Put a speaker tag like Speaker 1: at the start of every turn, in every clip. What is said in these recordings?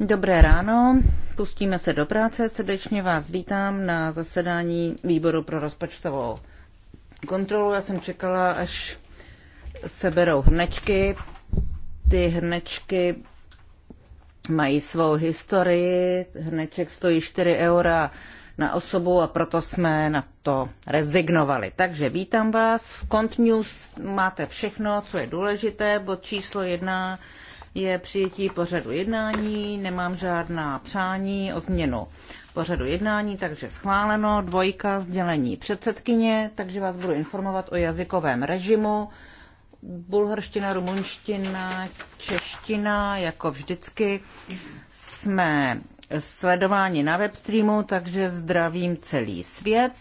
Speaker 1: Dobré ráno, pustíme se do práce. Srdečně vás vítám na zasedání výboru pro rozpočtovou kontrolu. Já jsem čekala, až seberou hrnečky. Ty hrnečky mají svou historii. Hrneček stojí 4 eura na osobu a proto jsme na to rezignovali. Takže vítám vás. V Cont News máte všechno, co je důležité. Bod číslo jedna je přijetí pořadu jednání. Nemám žádná přání o změnu pořadu jednání, takže schváleno. Dvojka sdělení předsedkyně, takže vás budu informovat o jazykovém režimu. Bulharština, rumunština, čeština, jako vždycky jsme Sledování na webstreamu, takže zdravím celý svět.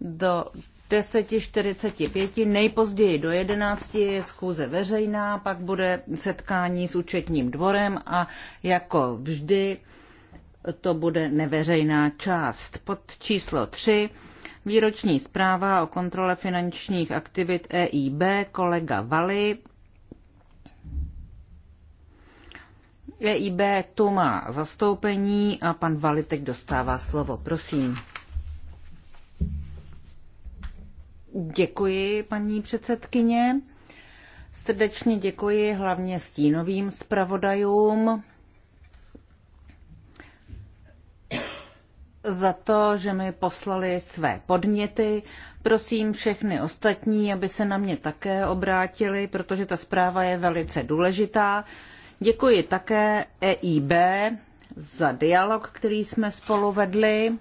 Speaker 1: Do 10.45, nejpozději do 11 je schůze veřejná, pak bude setkání s účetním dvorem a jako vždy to bude neveřejná část. Pod číslo 3 výroční zpráva o kontrole finančních aktivit EIB kolega Vali EIB tu má zastoupení a pan Valitek dostává slovo. Prosím. Děkuji, paní předsedkyně. Srdečně děkuji hlavně stínovým zpravodajům za to, že mi poslali své podněty. Prosím všechny ostatní, aby se na mě také obrátili, protože ta zpráva je velice důležitá. Děkuji také EIB za dialog, který jsme spolu vedli.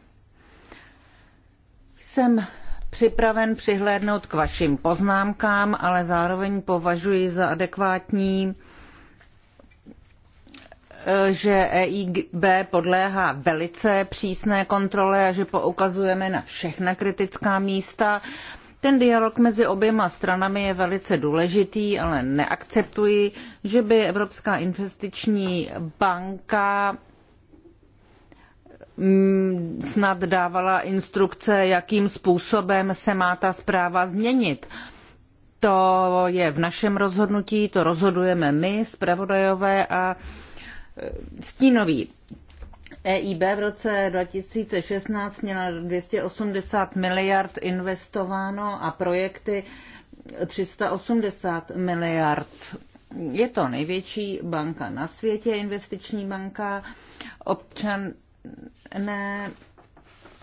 Speaker 1: Jsem připraven přihlédnout k vašim poznámkám, ale zároveň považuji za adekvátní, eh, že EIB podléhá velice přísné kontrole a že poukazujeme na všechna kritická místa. Ten dialog mezi oběma stranami je velice důležitý, ale neakceptuji, že by Evropská investiční banka mm, snad dávala instrukce, jakým způsobem se má ta zpráva změnit. To je v našem rozhodnutí, to rozhodujeme my, zpravodajové a e, stínoví. EIB v roce 2016 měla 280 miliard investováno a projekty 380 miliard. Je to největší banka na světě, investiční banka. Občané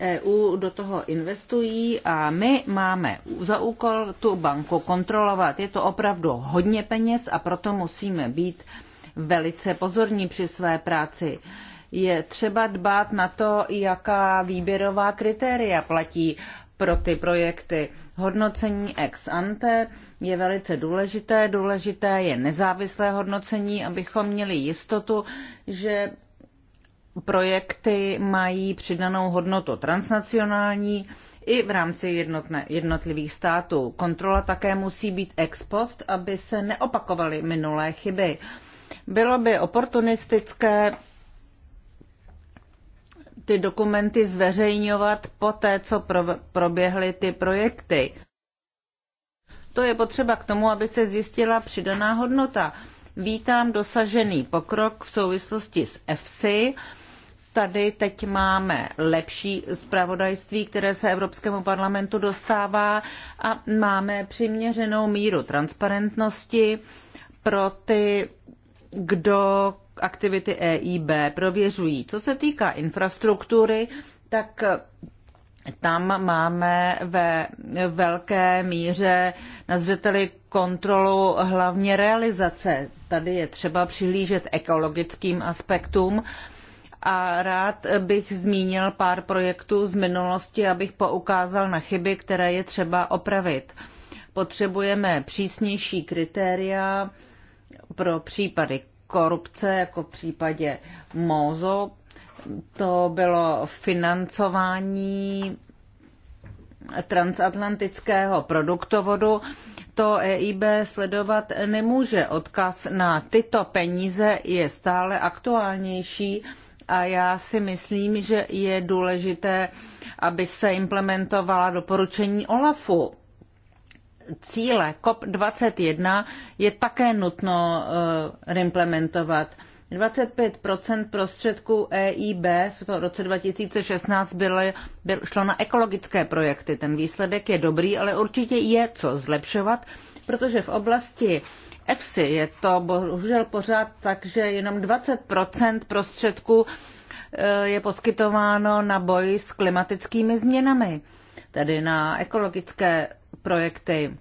Speaker 1: EU do toho investují a my máme za úkol tu banku kontrolovat. Je to opravdu hodně peněz a proto musíme být velice pozorní při své práci je třeba dbát na to, jaká výběrová kritéria platí pro ty projekty. Hodnocení ex ante je velice důležité. Důležité je nezávislé hodnocení, abychom měli jistotu, že projekty mají přidanou hodnotu transnacionální i v rámci jednotné, jednotlivých států. Kontrola také musí být ex post, aby se neopakovaly minulé chyby. Bylo by oportunistické ty dokumenty zveřejňovat poté, co proběhly ty projekty. To je potřeba k tomu, aby se zjistila přidaná hodnota. Vítám dosažený pokrok v souvislosti s EFSI. Tady teď máme lepší zpravodajství, které se Evropskému parlamentu dostává a máme přiměřenou míru transparentnosti pro ty, kdo aktivity EIB prověřují. Co se týká infrastruktury, tak tam máme ve velké míře na zřeteli kontrolu hlavně realizace. Tady je třeba přihlížet ekologickým aspektům a rád bych zmínil pár projektů z minulosti, abych poukázal na chyby, které je třeba opravit. Potřebujeme přísnější kritéria pro případy korupce, jako v případě Mozo. To bylo financování transatlantického produktovodu. To EIB sledovat nemůže. Odkaz na tyto peníze je stále aktuálnější a já si myslím, že je důležité, aby se implementovala doporučení OLAFu cíle COP21 je také nutno eh, reimplementovat. 25 prostředků EIB v roce 2016 byly, byl, šlo na ekologické projekty. Ten výsledek je dobrý, ale určitě je co zlepšovat, protože v oblasti EFSI je to bohužel pořád tak, že jenom 20 prostředků eh, je poskytováno na boj s klimatickými změnami tedy na ekologické projekty.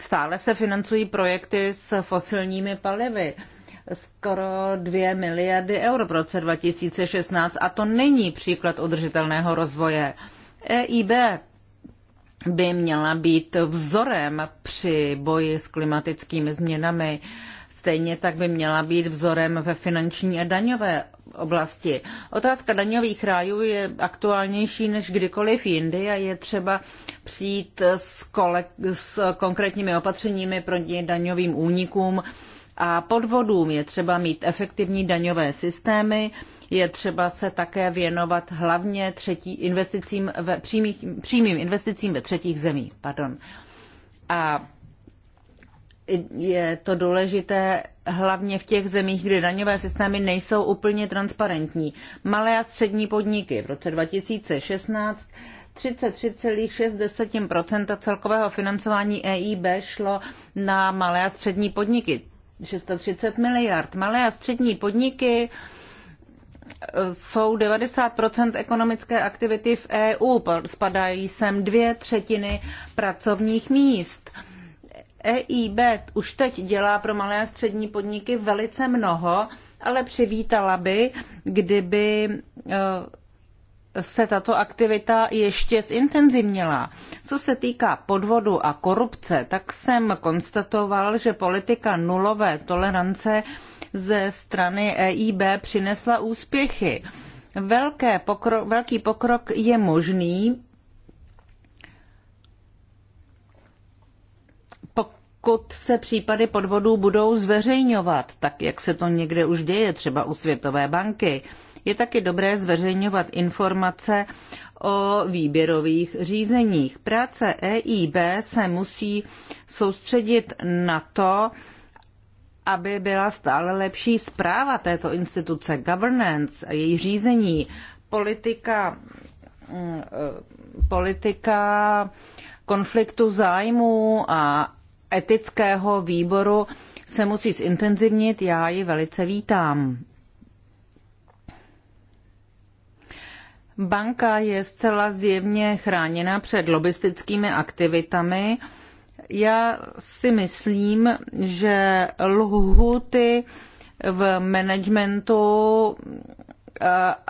Speaker 1: Stále se financují projekty s fosilními palivy skoro 2 miliardy euro v roce 2016 a to není příklad udržitelného rozvoje. EIB by měla být vzorem při boji s klimatickými změnami. Stejně tak by měla být vzorem ve finanční a daňové oblasti. Otázka daňových rájů je aktuálnější než kdykoliv jindy a je třeba přijít s, kolek, s konkrétními opatřeními proti daňovým únikům a podvodům. Je třeba mít efektivní daňové systémy, je třeba se také věnovat hlavně třetí investicím ve přímých, přímým investicím ve třetích zemích. Pardon. A je to důležité hlavně v těch zemích, kde daňové systémy nejsou úplně transparentní. Malé a střední podniky v roce 2016 33,6 celkového financování EIB šlo na malé a střední podniky. 630 miliard. Malé a střední podniky e, jsou 90 ekonomické aktivity v EU. Spadají sem dvě třetiny pracovních míst. EIB už teď dělá pro malé a střední podniky velice mnoho, ale přivítala by, kdyby eh, se tato aktivita ještě zintenzivnila. Co se týká podvodu a korupce, tak jsem konstatoval, že politika nulové tolerance ze strany EIB přinesla úspěchy. Velké pokro, velký pokrok je možný, pokud se případy podvodů budou zveřejňovat, tak jak se to někde už děje, třeba u Světové banky, je taky dobré zveřejňovat informace o výběrových řízeních. Práce EIB se musí soustředit na to, aby byla stále lepší zpráva této instituce, governance a její řízení, politika, mm, eh, politika konfliktu zájmů a etického výboru se musí zintenzivnit, já ji velice vítám. Banka je zcela zjevně chráněna před lobistickými aktivitami. Já si myslím, že lhuty v managementu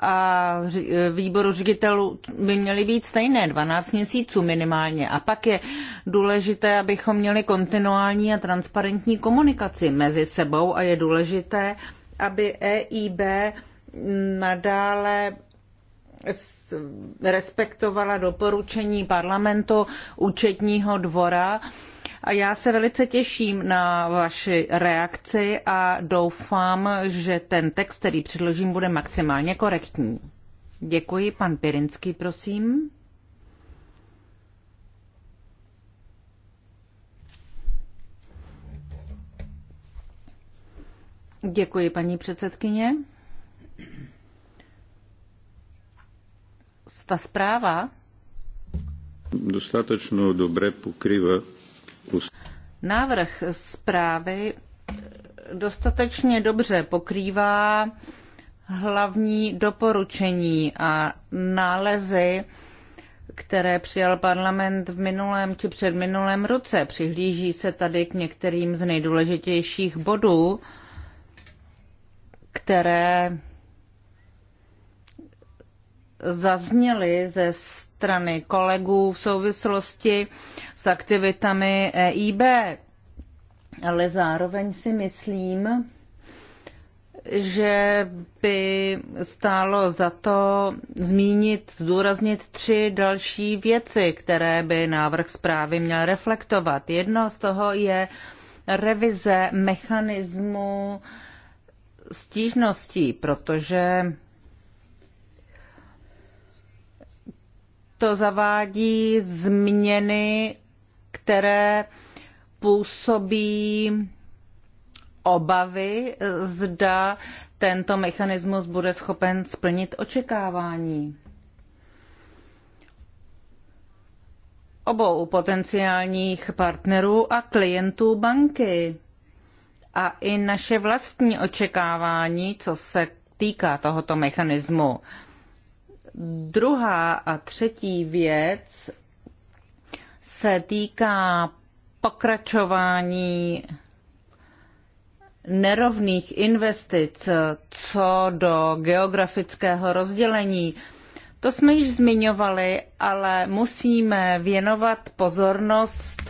Speaker 1: a e, výboru ředitelů by měly být stejné, 12 měsíců minimálně. A pak je důležité, abychom měli kontinuální a transparentní komunikaci mezi sebou a je důležité, aby EIB nadále respektovala doporučení parlamentu účetního dvora, a já se velice těším na vaši reakci a doufám, že ten text, který předložím, bude maximálně korektní. Děkuji. Pan Pirinský, prosím. Děkuji, paní předsedkyně. Ta zpráva dostatečně dobře pokrývá Návrh zprávy dostatečně dobře pokrývá hlavní doporučení a nálezy, které přijal parlament v minulém či předminulém roce. Přihlíží se tady k některým z nejdůležitějších bodů, které zazněly ze strany kolegů v souvislosti s aktivitami EIB. Ale zároveň si myslím, že by stálo za to zmínit, zdůraznit tři další věci, které by návrh zprávy měl reflektovat. Jedno z toho je revize mechanismu stížností, protože to zavádí změny, které působí obavy, zda tento mechanismus bude schopen splnit očekávání. obou potenciálních partnerů a klientů banky. A i naše vlastní očekávání, co se týká tohoto mechanismu. Druhá a třetí věc se týká pokračování nerovných investic co do geografického rozdělení. To jsme již zmiňovali, ale musíme věnovat pozornost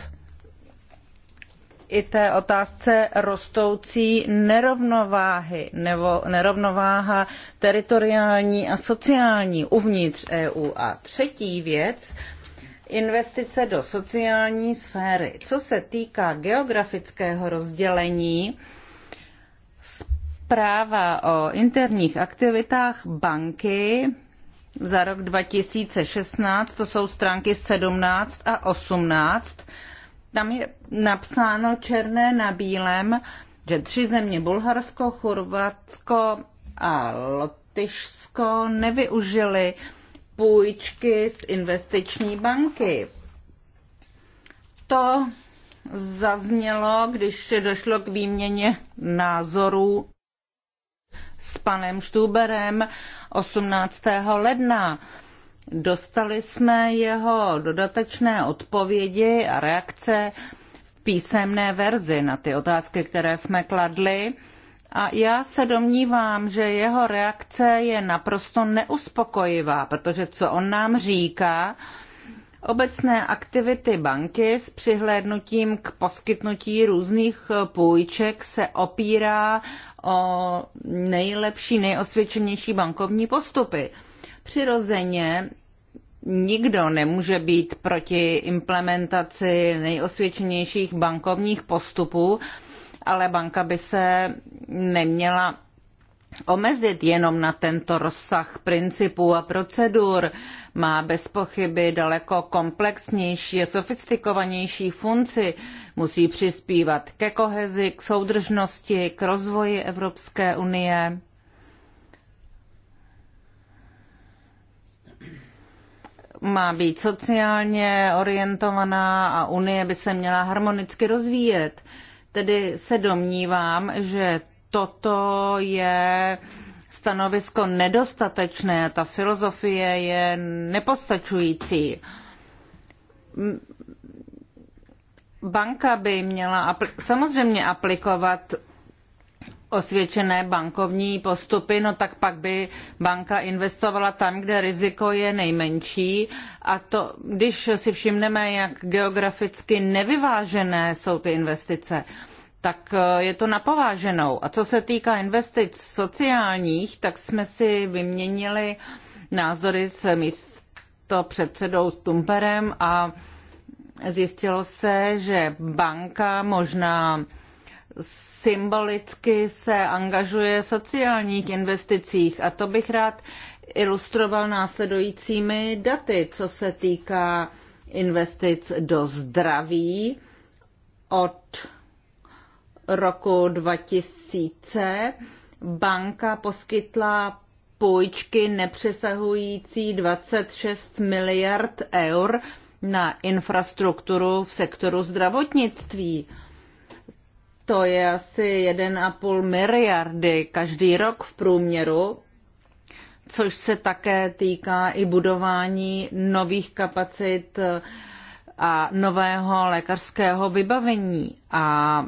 Speaker 1: i té otázce rostoucí nerovnováhy nebo nerovnováha teritoriální a sociální uvnitř EU. A třetí věc, investice do sociální sféry. Co se týká geografického rozdělení, zpráva o interních aktivitách banky za rok 2016, to jsou stránky 17 a 18, tam je napsáno černé na bílém, že tři země, Bulharsko, Chorvatsko a Lotyšsko, nevyužili půjčky z investiční banky. To zaznělo, když došlo k výměně názorů s panem Štuberem 18. ledna. Dostali jsme jeho dodatečné odpovědi a reakce v písemné verzi na ty otázky, které jsme kladli. A já se domnívám, že jeho reakce je naprosto neuspokojivá, protože co on nám říká, obecné aktivity banky s přihlédnutím k poskytnutí různých půjček se opírá o nejlepší, nejosvědčenější bankovní postupy. Přirozeně nikdo nemůže být proti implementaci nejosvědčenějších bankovních postupů, ale banka by se neměla omezit jenom na tento rozsah principů a procedur. Má bez pochyby daleko komplexnější a sofistikovanější funkci. Musí přispívat ke kohezi, k soudržnosti, k rozvoji Evropské unie. má být sociálně orientovaná a Unie by se měla harmonicky rozvíjet. Tedy se domnívám, že toto je stanovisko nedostatečné, ta filozofie je nepostačující. Banka by měla apl- samozřejmě aplikovat osvědčené bankovní postupy, no tak pak by banka investovala tam, kde riziko je nejmenší. A to, když si všimneme, jak geograficky nevyvážené jsou ty investice, tak eh, je to napováženou. A co se týká investic sociálních, tak jsme si vyměnili názory s místo předsedou Stumperem a zjistilo se, že banka možná symbolicky se angažuje v sociálních investicích a to bych rád ilustroval následujícími daty, co se týká investic do zdraví od roku 2000 banka poskytla půjčky nepřesahující 26 miliard eur na infrastrukturu v sektoru zdravotnictví. To je asi 1,5 miliardy každý rok v průměru, což se také týká i budování nových kapacit eh, a nového lékařského vybavení. A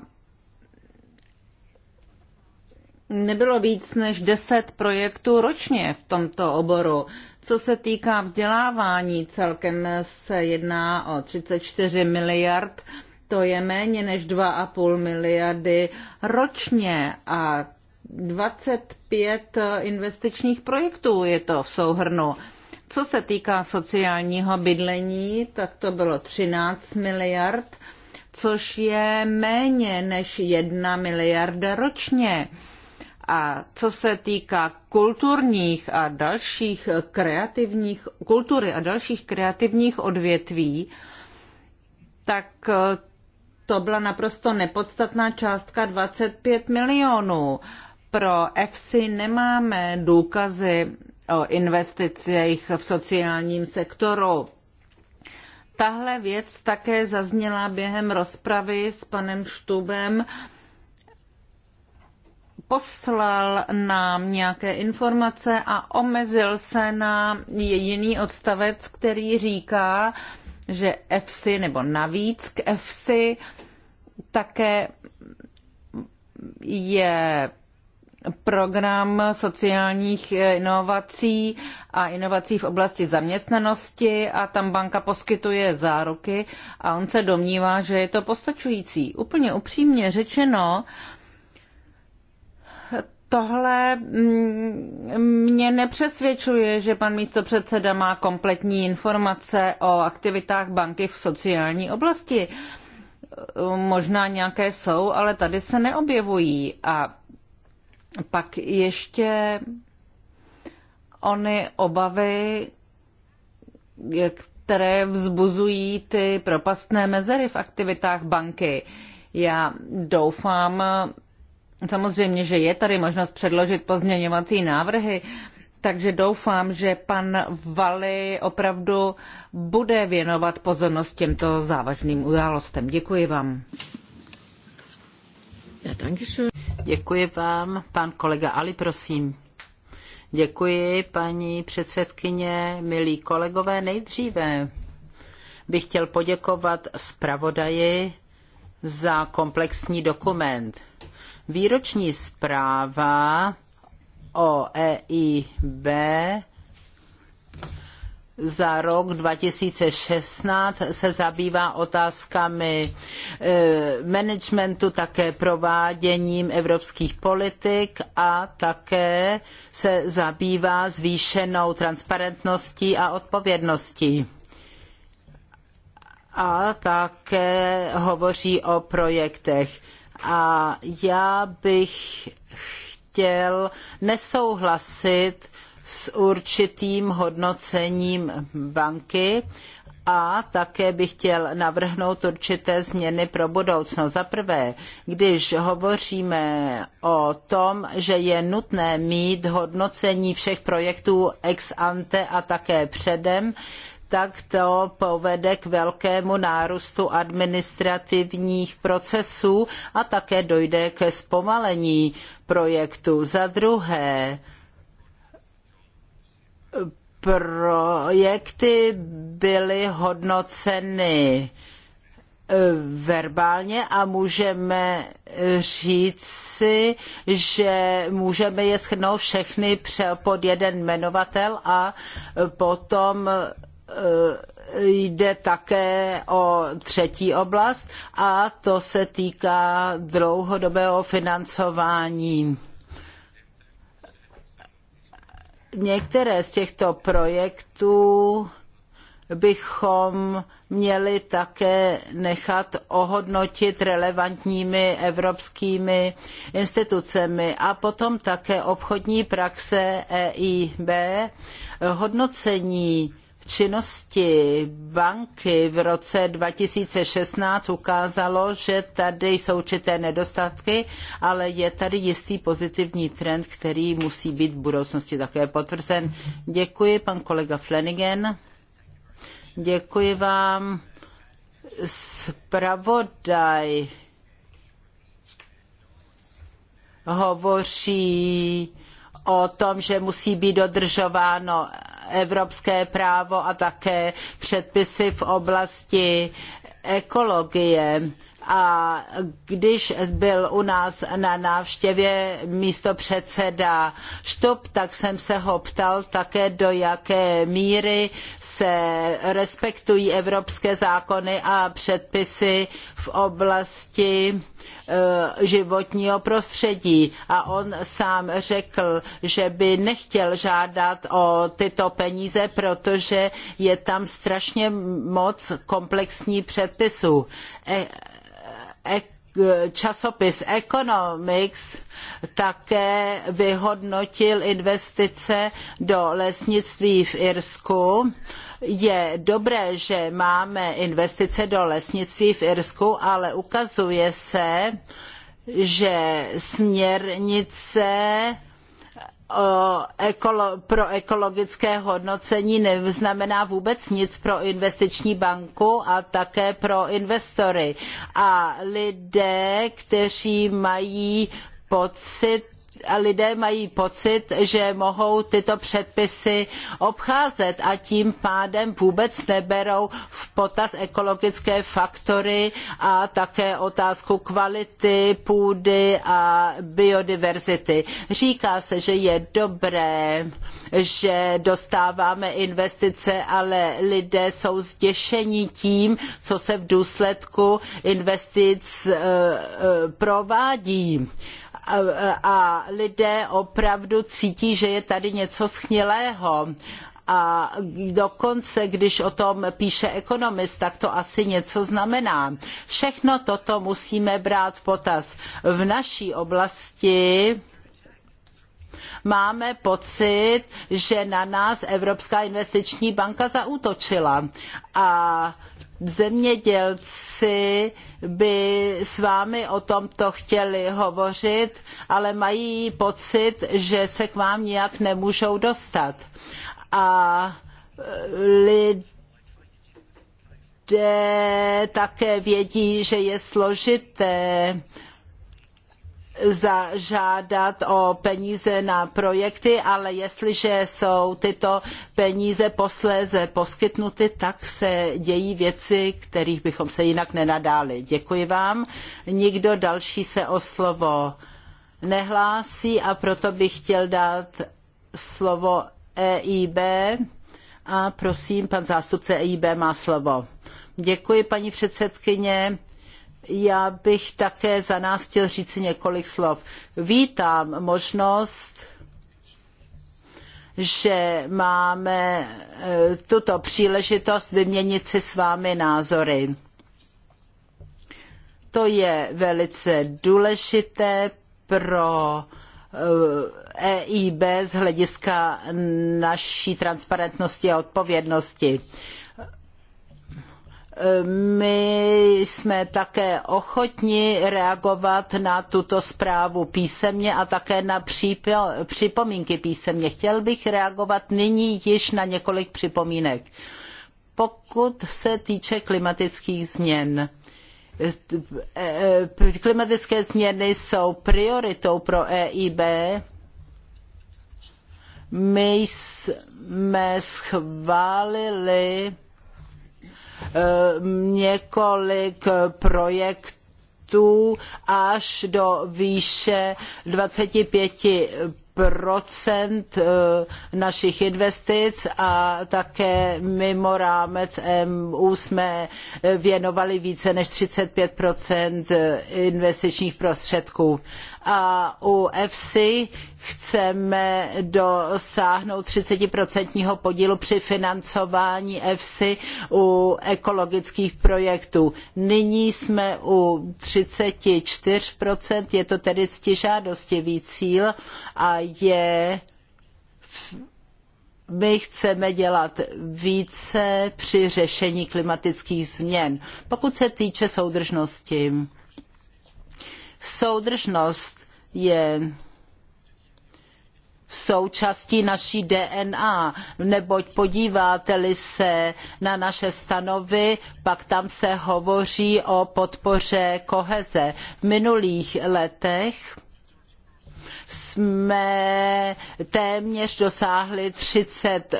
Speaker 1: nebylo víc než 10 projektů ročně v tomto oboru. Co se týká vzdělávání, celkem se jedná o 34 miliard to je méně než 2,5 miliardy ročně a 25 investičních projektů je to v souhrnu. Co se týká sociálního bydlení, tak to bylo 13 miliard, což je méně než 1 miliarda ročně. A co se týká kulturních a dalších kreativních, kultury a dalších kreativních odvětví, tak to byla naprosto nepodstatná částka 25 milionů. Pro FC nemáme důkazy o investicích v sociálním sektoru. Tahle věc také zazněla během rozpravy s panem Štubem. Poslal nám nějaké informace a omezil se na jediný odstavec, který říká, že EFSI nebo navíc k EFSI také je program sociálních inovací a inovací v oblasti zaměstnanosti a tam banka poskytuje záruky a on se domnívá, že je to postačující. Úplně upřímně řečeno, uh, tohle mm, mě nepřesvědčuje, že pan místopředseda má kompletní informace o aktivitách banky v sociální oblasti. Možná nějaké jsou, ale tady se neobjevují. A pak ještě ony obavy, které vzbuzují ty propastné mezery v aktivitách banky. Já doufám, Samozřejmě, že je tady možnost předložit pozměňovací návrhy, takže doufám, že pan Vali opravdu bude věnovat pozornost těmto závažným událostem. Děkuji
Speaker 2: vám. Děkuji vám. Pan kolega Ali, prosím. Děkuji, paní předsedkyně, milí kolegové. Nejdříve bych chtěl poděkovat zpravodaji za komplexní dokument. Výroční zpráva o EIB za rok 2016 se zabývá otázkami e, managementu, také prováděním evropských politik a také se zabývá zvýšenou transparentností a odpovědností. A také hovoří o projektech. A já bych chtěl nesouhlasit s určitým hodnocením banky, a také bych chtěl navrhnout určité změny pro budoucnost. Za prvé, když hovoříme o tom, že je nutné mít hodnocení všech projektů ex ante a také předem, tak to povede k velkému nárůstu administrativních procesů a také dojde ke zpomalení projektu. Za druhé, projekty byly hodnoceny eh, verbálně a můžeme eh, říci, že můžeme je schrnout všechny pod jeden jmenovatel a eh, potom Eh, jde také o třetí oblast a to se týká dlouhodobého financování. Některé z těchto projektů bychom měli také nechat ohodnotit relevantními evropskými institucemi a potom také obchodní praxe EIB, hodnocení činnosti banky v roce 2016 ukázalo, že tady jsou určité nedostatky, ale je tady jistý pozitivní trend, který musí být v budoucnosti také potvrzen. Děkuji, pan kolega Flanagan. Děkuji vám. Spravodaj hovoří o tom, že musí být dodržováno evropské právo a také předpisy v oblasti ekologie a když byl u nás na návštěvě místo předseda Štup, tak jsem se ho ptal také, do jaké míry se respektují evropské zákony a předpisy v oblasti eh, životního prostředí. A on sám řekl, že by nechtěl žádat o tyto peníze, protože je tam strašně moc komplexních předpisů. E časopis Economics také vyhodnotil investice do lesnictví v Irsku. Je dobré, že máme investice do lesnictví v Irsku, ale ukazuje se, že směrnice pro ekologické hodnocení neznamená vůbec nic pro investiční banku a také pro investory. A lidé, kteří mají pocit, lidé mají pocit, že mohou tyto předpisy obcházet a tím pádem vůbec neberou v potaz ekologické faktory a také otázku kvality půdy a biodiverzity. Říká se, že je dobré, že dostáváme investice, ale lidé jsou zděšeni tím, co se v důsledku investic eh, eh, provádí a lidé opravdu cítí, že je tady něco schnilého a dokonce, když o tom píše ekonomist, tak to asi něco znamená. Všechno toto musíme brát v potaz. V naší oblasti máme pocit, že na nás Evropská investiční banka zaútočila. A zemědělci by s vámi o tomto chtěli hovořit, ale mají pocit, že se k vám nijak nemůžou dostat. A eh, lidé také vědí, že je složité zažádat o peníze na projekty, ale jestliže jsou tyto peníze posléze poskytnuty, tak se dějí věci, kterých bychom se jinak nenadáli. Děkuji vám. Nikdo další se o slovo nehlásí a proto bych chtěl dát slovo EIB a prosím, pan zástupce EIB má slovo. Děkuji, paní předsedkyně. Já bych také za nás chtěl říct několik slov. Vítám možnost že máme eh, tuto příležitost vyměnit si s vámi názory. To je velice důležité pro EIB eh, e z hlediska naší transparentnosti a odpovědnosti. My jsme také ochotni reagovat na tuto zprávu písemně a také na připomínky písemně. Chtěl bych reagovat nyní již na několik připomínek. Pokud se týče klimatických změn, klimatické změny jsou prioritou pro EIB. My jsme schválili několik projektů až do výše 25 eh, našich investic a také mimo rámec EU jsme eh, věnovali více než 35 eh, investičních prostředků a u EFSI chceme dosáhnout 30% podílu při financování EFSI u ekologických projektů. Nyní jsme u 34%, je to tedy ctižádostivý cíl a je my chceme dělat více při řešení klimatických změn. Pokud se týče soudržnosti, Soudržnost je součástí naší DNA, neboť podíváte-li se na naše stanovy, pak tam se hovoří o podpoře koheze. V minulých letech jsme téměř dosáhli 30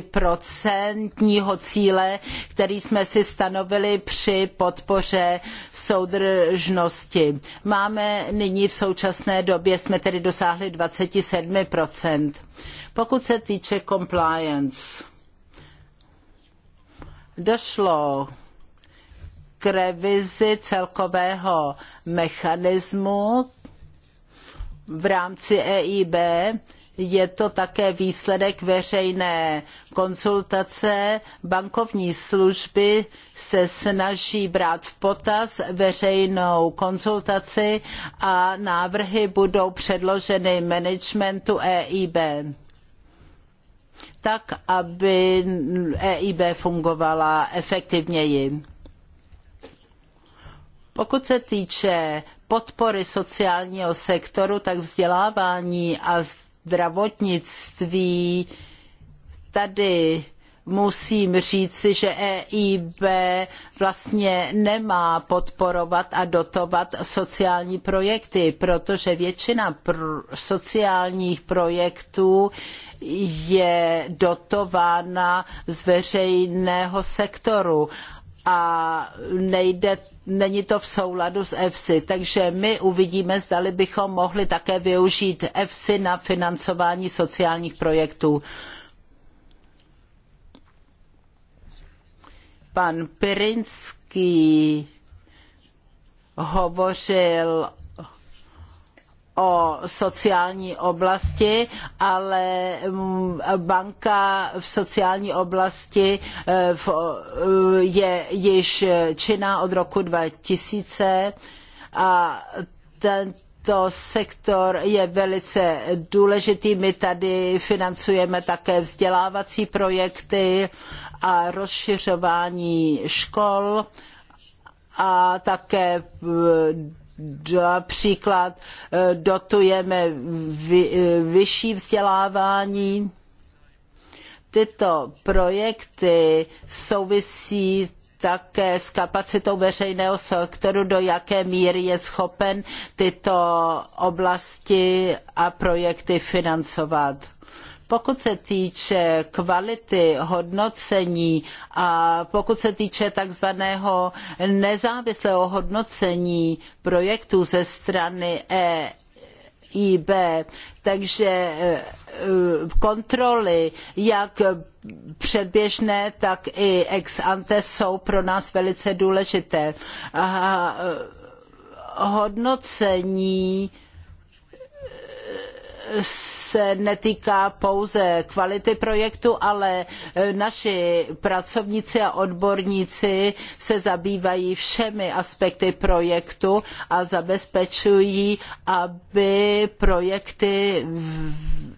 Speaker 2: procentního cíle, který jsme si stanovili při podpoře soudržnosti. Máme nyní v současné době, jsme tedy dosáhli 27%. Pokud se týče compliance, došlo k revizi celkového mechanismu v rámci EIB, je to také výsledek veřejné konzultace. Bankovní služby se snaží brát v potaz veřejnou konzultaci a návrhy budou předloženy managementu EIB tak, aby EIB fungovala efektivněji. Pokud se týče podpory sociálního sektoru, tak vzdělávání a zdravotnictví, tady musím říci, že EIB vlastně nemá podporovat a dotovat sociální projekty, protože většina pr- sociálních projektů je dotována z veřejného sektoru a nejde, není to v souladu s EFSI. Takže my uvidíme, zdali bychom mohli také využít EFSI na financování sociálních projektů. Pan Pirinský hovořil o sociální oblasti, ale mm, banka v sociální oblasti eh, eh, je již činná od roku 2000 a ten, tento sektor je velice důležitý. My tady financujeme také vzdělávací projekty a rozšiřování škol a také eh, například eh, dotujeme vy, eh, vyšší vzdělávání. Tyto projekty souvisí také s kapacitou veřejného sektoru, do jaké míry je schopen tyto oblasti a projekty financovat. Pokud se týče kvality hodnocení a pokud se týče takzvaného nezávislého hodnocení projektů ze strany E, IB, takže eh, kontroly, jak předběžné, tak i ex ante jsou pro nás velice důležité. A eh, hodnocení se netýká pouze kvality projektu, ale e, naši pracovníci a odborníci se zabývají všemi aspekty projektu a zabezpečují, aby projekty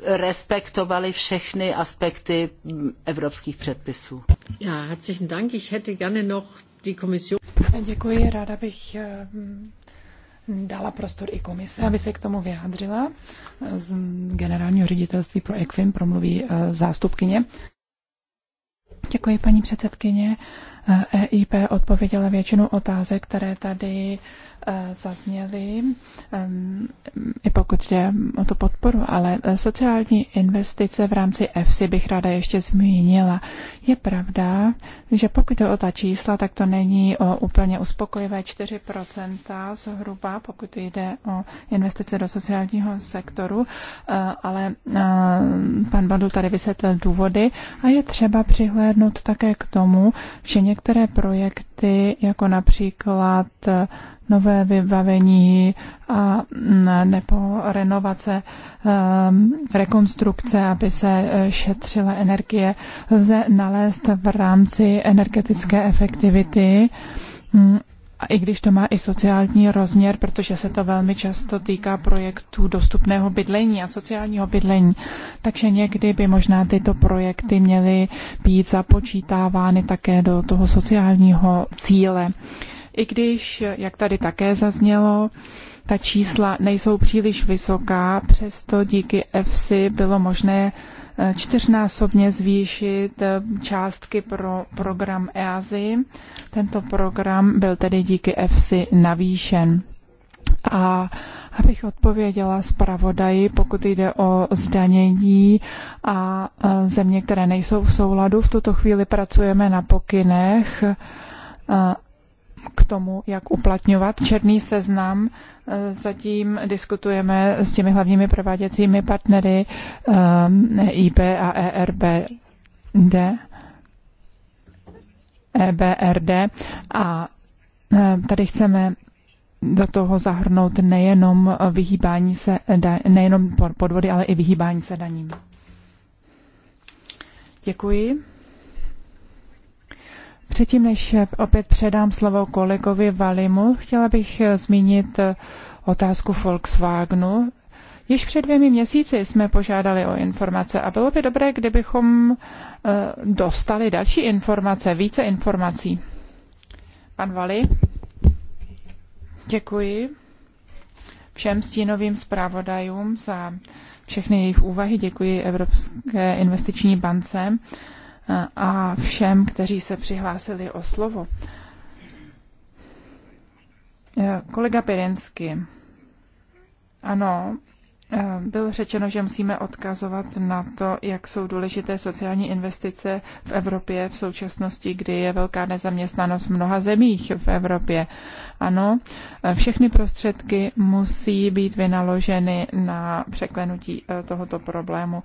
Speaker 2: respektovaly všechny aspekty evropských předpisů.
Speaker 3: Já herzlichen Dank. Ich hätte gerne noch die Kommission. Děkuji, ráda bych e, dala prostor i komise, aby se k tomu vyjádřila. Z generálního ředitelství pro ECFIN promluví eh, zástupkyně. Děkuji, paní předsedkyně. EIP eh, e odpověděla většinu otázek, které tady Eh, zazněly, eh, i pokud jde o tu podporu, ale sociální investice v rámci EFSI bych ráda ještě zmínila. Je pravda, že pokud jde o ta čísla, tak to není o úplně uspokojivé 4% zhruba, pokud jde o investice do sociálního sektoru, eh, ale pan Badl tady vysvětlil důvody a je třeba přihlédnout také k tomu, že některé projekty, jako například nové vybavení a mm, nebo renovace, ehm, rekonstrukce, aby se e, šetřila energie, lze nalézt v rámci energetické efektivity mm, a i když to má i sociální rozměr, protože se to velmi často týká projektů dostupného bydlení a sociálního bydlení, takže někdy by možná tyto projekty měly být započítávány také do toho sociálního cíle i když, jak tady také zaznělo, ta čísla nejsou příliš vysoká, přesto díky EFSI bylo možné eh, čtyřnásobně zvýšit eh, částky pro program EASI. Tento program byl tedy díky EFSI navýšen. A abych odpověděla zpravodaji, pokud jde o zdanění a eh, země, které nejsou v souladu, v tuto chvíli pracujeme na pokynech k tomu, jak uplatňovat černý seznam. Eh, Zatím diskutujeme s těmi hlavními prováděcími partnery eh, IP a ERBD. EBRD a eh, tady chceme do toho zahrnout nejenom vyhýbání se, nejenom podvody, ale i vyhýbání se daním. Děkuji. Předtím, než opět předám slovo kolegovi Valimu, chtěla bych eh, zmínit eh, otázku Volkswagenu. Již před dvěmi měsíci jsme požádali o informace a bylo by dobré, kdybychom eh, dostali další informace, více informací. Pan Vali. Děkuji všem stínovým zpravodajům za všechny jejich úvahy. Děkuji Evropské investiční bance a všem, kteří se přihlásili o slovo. Kolega Pirinsky. Ano, eh, bylo řečeno, že musíme odkazovat na to, jak jsou důležité sociální investice v Evropě v současnosti, kdy je velká nezaměstnanost v mnoha zemích v Evropě. Ano, eh, všechny prostředky musí být vynaloženy na překlenutí eh, tohoto problému.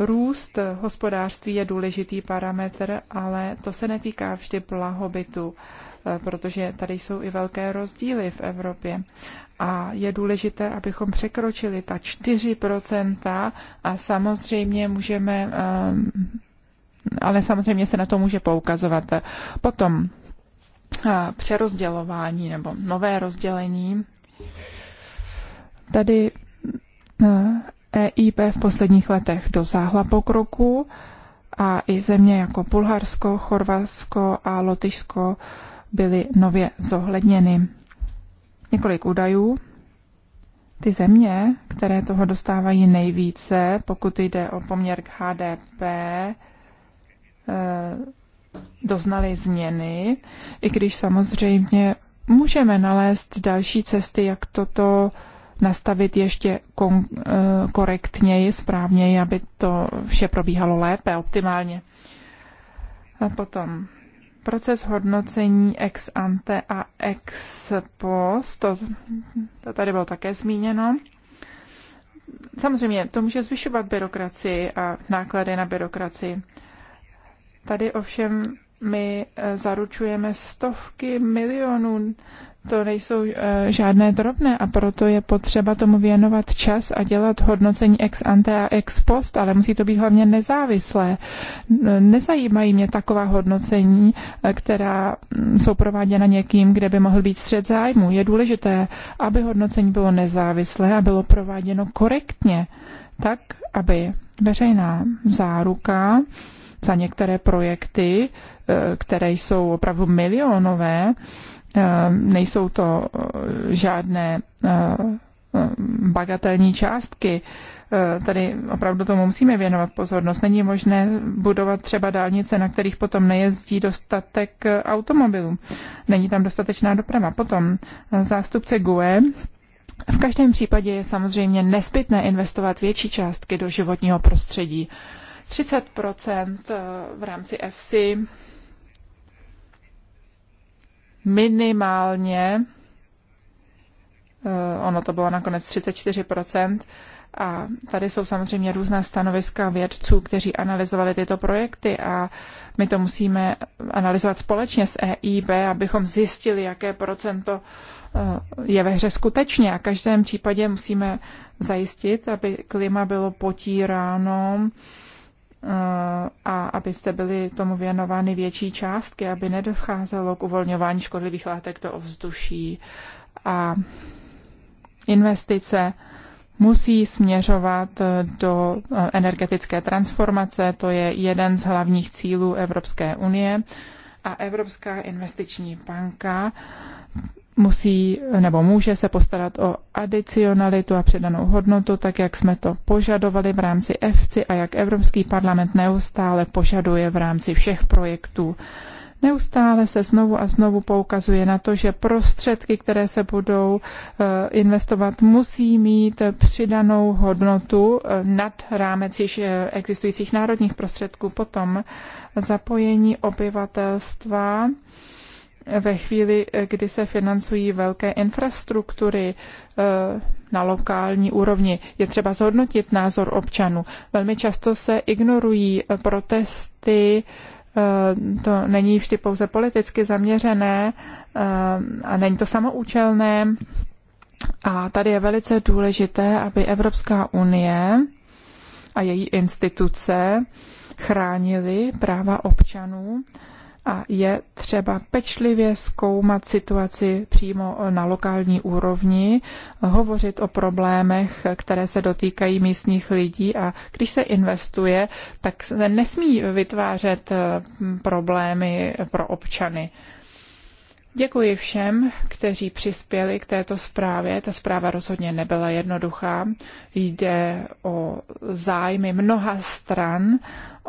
Speaker 3: Růst hospodářství je důležitý parametr, ale to se netýká vždy blahobytu, eh, protože tady jsou i velké rozdíly v Evropě. A je důležité, abychom překročili ta 4% a samozřejmě můžeme, eh, ale samozřejmě se na to může poukazovat. Potom eh, přerozdělování nebo nové rozdělení. Tady EIP v posledních letech dosáhla pokroku a i země jako Bulharsko, Chorvatsko a Lotyšsko byly nově zohledněny. Několik údajů. Ty země, které toho dostávají nejvíce, pokud jde o poměr k HDP, eh, doznaly změny, i když samozřejmě můžeme nalézt další cesty, jak toto nastavit ještě kon, eh, korektněji, správněji, aby to vše probíhalo lépe, optimálně. A potom proces hodnocení ex ante a ex post, to, to tady bylo také zmíněno. Samozřejmě, to může zvyšovat byrokracii a náklady na byrokracii. Tady ovšem my eh, zaručujeme stovky milionů to nejsou eh, žádné drobné a proto je potřeba tomu věnovat čas a dělat hodnocení ex ante a ex post, ale musí to být hlavně nezávislé. Nezajímají mě taková hodnocení, eh, která mm, jsou prováděna někým, kde by mohl být střed zájmu. Je důležité, aby hodnocení bylo nezávislé a bylo prováděno korektně, tak, aby veřejná záruka za některé projekty, eh, které jsou opravdu milionové, Eh, nejsou to eh, žádné eh, bagatelní částky. Tady opravdu tomu musíme věnovat pozornost. Není možné budovat třeba dálnice, na kterých potom nejezdí dostatek automobilů. Není tam dostatečná doprava. Potom zástupce GUE v každém případě je samozřejmě nezbytné investovat větší částky do životního prostředí. 30 v rámci EFSI minimálně, eh, ono to bylo nakonec 34%, a tady jsou samozřejmě různá stanoviska vědců, kteří analyzovali tyto projekty a my to musíme analyzovat společně s EIB, abychom zjistili, jaké procento eh, je ve hře skutečně. A v každém případě musíme zajistit, aby klima bylo potíráno a abyste byli tomu věnovány větší částky, aby nedocházelo k uvolňování škodlivých látek do ovzduší a investice musí směřovat do eh, energetické transformace, to je jeden z hlavních cílů Evropské unie a Evropská investiční banka musí nebo může se postarat o adicionalitu a předanou hodnotu, tak jak jsme to požadovali v rámci EFCI a jak Evropský parlament neustále požaduje v rámci všech projektů. Neustále se znovu a znovu poukazuje na to, že prostředky, které se budou eh, investovat, musí mít přidanou hodnotu eh, nad rámec již eh, existujících národních prostředků. Potom zapojení obyvatelstva ve chvíli, kdy se financují velké infrastruktury eh, na lokální úrovni. Je třeba zhodnotit názor občanů. Velmi často se ignorují protesty, eh, to není vždy pouze politicky zaměřené eh, a není to samoučelné. A tady je velice důležité, aby Evropská unie a její instituce chránili práva občanů a je třeba pečlivě zkoumat situaci přímo na lokální úrovni, hovořit o problémech, které se dotýkají místních lidí a když se investuje, tak se nesmí vytvářet eh, problémy pro občany. Děkuji všem, kteří přispěli k této zprávě. Ta zpráva rozhodně nebyla jednoduchá. Jde o zájmy mnoha stran,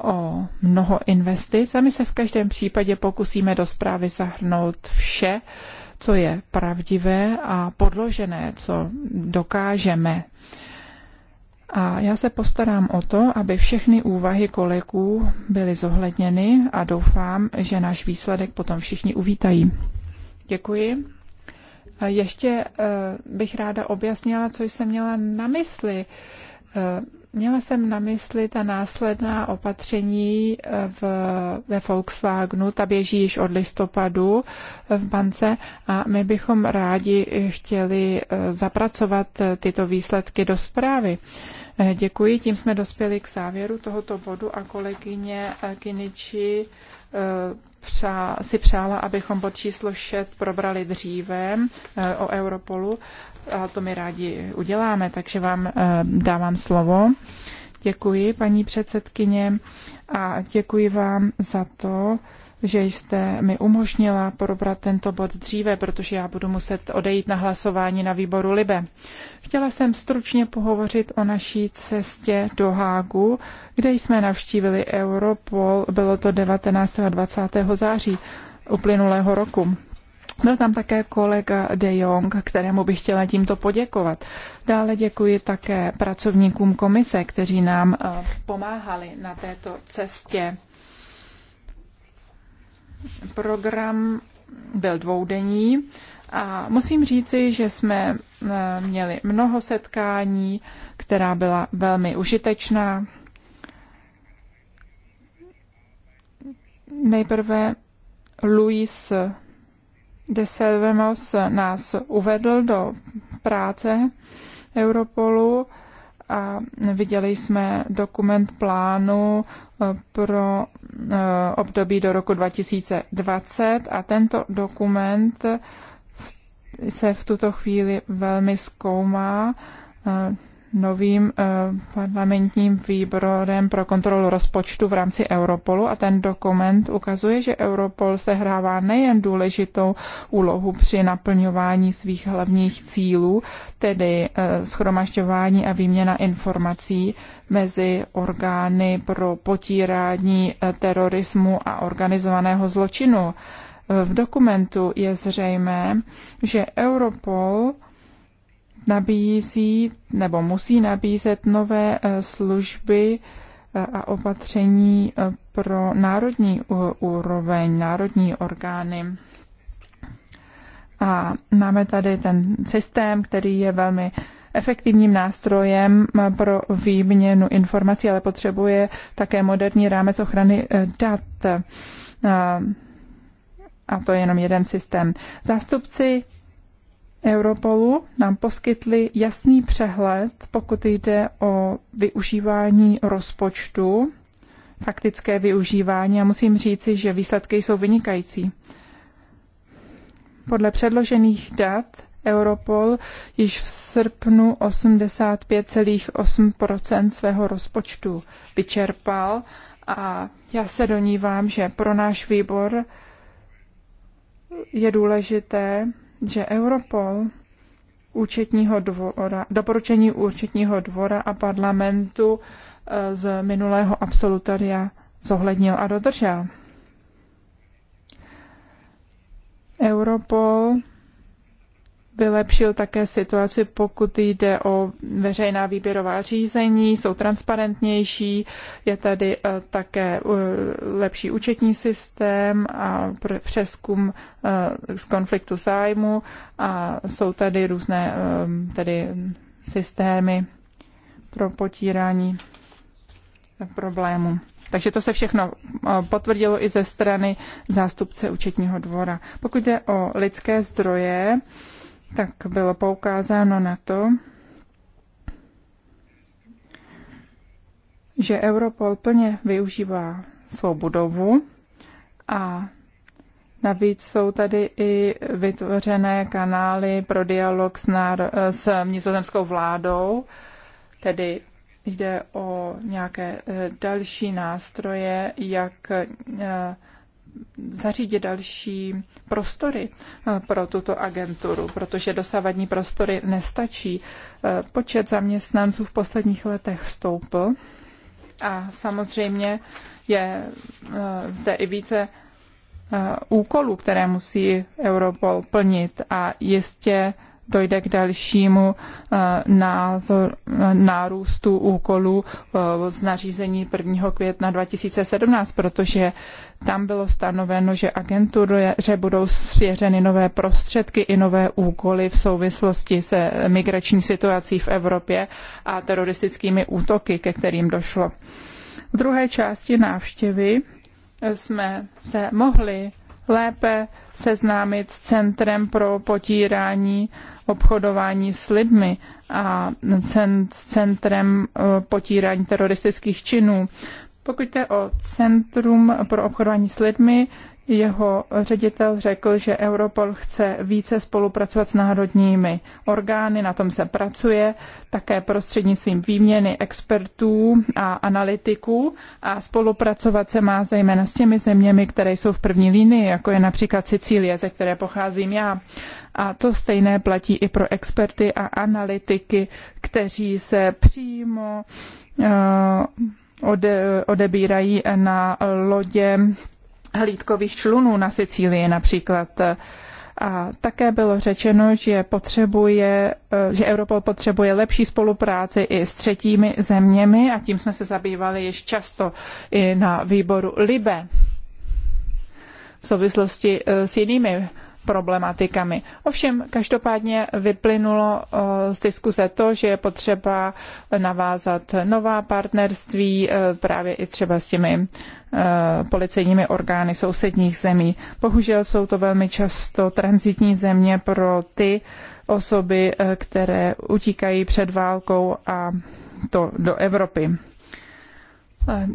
Speaker 3: o mnoho investic a my se v každém případě pokusíme do zprávy zahrnout vše, co je pravdivé a podložené, co dokážeme. A já se postarám o to, aby všechny úvahy koleků byly zohledněny a doufám, že náš výsledek potom všichni uvítají. Děkuji. Ještě eh, bych ráda objasnila, co jsem měla na mysli. Eh, měla jsem na mysli ta následná opatření eh, v, ve Volkswagenu, ta běží již od listopadu v bance a my bychom rádi chtěli zapracovat tyto výsledky do zprávy. Děkuji, tím jsme dospěli k závěru tohoto bodu a kolegyně Kiniči přá, si přála, abychom bod číslo 6 probrali dříve eh, o Europolu a to my rádi uděláme, takže vám eh, dávám slovo. Děkuji, paní předsedkyně, a děkuji vám za to, že jste mi umožnila probrat tento bod dříve, protože já budu muset odejít na hlasování na výboru Libe. Chtěla jsem stručně pohovořit o naší cestě do Hágu, kde jsme navštívili Europol, bylo to 19. a 20. září uplynulého roku. Byl tam také kolega De Jong, kterému bych chtěla tímto poděkovat. Dále děkuji také pracovníkům komise, kteří nám eh, pomáhali na této cestě program byl dvoudenní a musím říci, že jsme eh, měli mnoho setkání, která byla velmi užitečná. Nejprve Luis de Selvemos nás uvedl do práce Europolu a viděli jsme dokument plánu eh, pro eh, období do roku 2020 a tento dokument eh, se v tuto chvíli velmi zkoumá novým eh, parlamentním výborem pro kontrolu rozpočtu v rámci Europolu a ten dokument ukazuje, že Europol sehrává nejen důležitou úlohu při naplňování svých hlavních cílů, tedy eh, schromažďování a výměna informací mezi orgány pro potírání eh, terorismu a organizovaného zločinu. V dokumentu je zřejmé, že Europol nabízí nebo musí nabízet nové eh, služby eh, a opatření eh, pro národní úroveň, národní orgány. A máme tady ten systém, který je velmi efektivním nástrojem pro výměnu informací, ale potřebuje také moderní rámec ochrany dat. A to je jenom jeden systém. Zástupci Europolu nám poskytli jasný přehled, pokud jde o využívání rozpočtu, faktické využívání a musím říci, že výsledky jsou vynikající. Podle předložených dat Europol již v srpnu 85,8 svého rozpočtu vyčerpal a já se donívám, že pro náš výbor je důležité že Europol účetního dvora, doporučení účetního dvora a parlamentu eh, z minulého absolutaria zohlednil a dodržel. Europol vylepšil také situaci, pokud jde o veřejná výběrová řízení, jsou transparentnější, je tady eh, také eh, lepší účetní systém a přeskum eh, z konfliktu zájmu a jsou tady různé tedy systémy pro potírání problému. Takže to se všechno potvrdilo i ze strany zástupce účetního dvora. Pokud jde o lidské zdroje, tak bylo poukázáno na to, že Europol plně využívá svou budovu a navíc jsou tady i vytvořené kanály pro dialog s, náro- s nizozemskou vládou, tedy jde o nějaké eh, další nástroje, jak eh, zařídit další prostory eh, pro tuto agenturu, protože dosavadní prostory nestačí. Eh, počet zaměstnanců v posledních letech stoupl a samozřejmě je eh, zde i více úkolů, které musí Europol plnit a jistě dojde k dalšímu eh, názor, eh, nárůstu úkolů eh, z nařízení 1. května 2017, protože tam bylo stanoveno, že agentuře budou svěřeny nové prostředky i nové úkoly v souvislosti se migrační situací v Evropě a teroristickými útoky, ke kterým došlo. V druhé části návštěvy jsme se mohli lépe seznámit s Centrem pro potírání obchodování s lidmi a s Centrem eh, potírání teroristických činů. Pokud jde o Centrum pro obchodování s lidmi, jeho ředitel řekl, že Europol chce více spolupracovat s národními orgány, na tom se pracuje, také prostřednictvím výměny expertů a analytiků a spolupracovat se má zejména s těmi zeměmi, které jsou v první linii, jako je například Sicílie, ze které pocházím já. A to stejné platí i pro experty a analytiky, kteří se přímo uh, ode, odebírají na lodě hlídkových člunů na Sicílii například. A také bylo řečeno, že, potřebuje, že Europol potřebuje lepší spolupráci i s třetími zeměmi a tím jsme se zabývali již často i na výboru LIBE v souvislosti eh, s jinými problematikami. Ovšem, každopádně vyplynulo eh, z diskuse to, že je potřeba navázat nová partnerství eh, právě i třeba s těmi eh, policejními orgány sousedních zemí. Bohužel jsou to velmi často transitní země pro ty osoby, které utíkají před válkou a to do Evropy.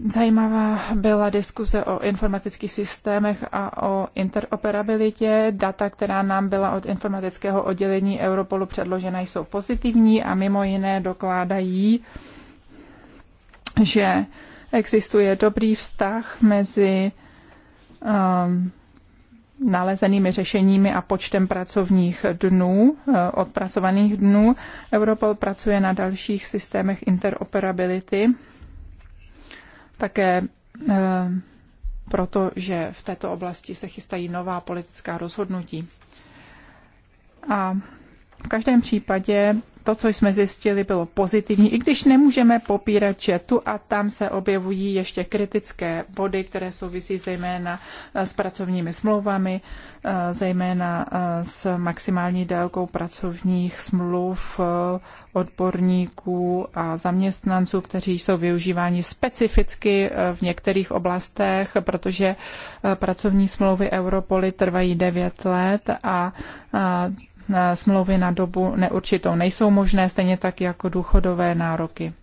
Speaker 3: Zajímavá byla diskuse o informatických systémech a o interoperabilitě. Data, která nám byla od informatického oddělení Europolu předložena, jsou pozitivní a mimo jiné dokládají, že existuje dobrý vztah mezi um, nalezenými řešeními a počtem pracovních dnů, eh, odpracovaných dnů. Europol pracuje na dalších systémech interoperability také eh, proto, že v této oblasti se chystají nová politická rozhodnutí. A v každém případě to, co jsme zjistili, bylo pozitivní, i když nemůžeme popírat, že tu a tam se objevují ještě kritické body, které souvisí zejména eh, s pracovními smlouvami, eh, zejména eh, s maximální délkou pracovních smluv odborníků a zaměstnanců, kteří jsou využíváni specificky v některých oblastech, protože pracovní smlouvy Europoly trvají 9 let a smlouvy na dobu neurčitou nejsou možné, stejně tak jako důchodové nároky.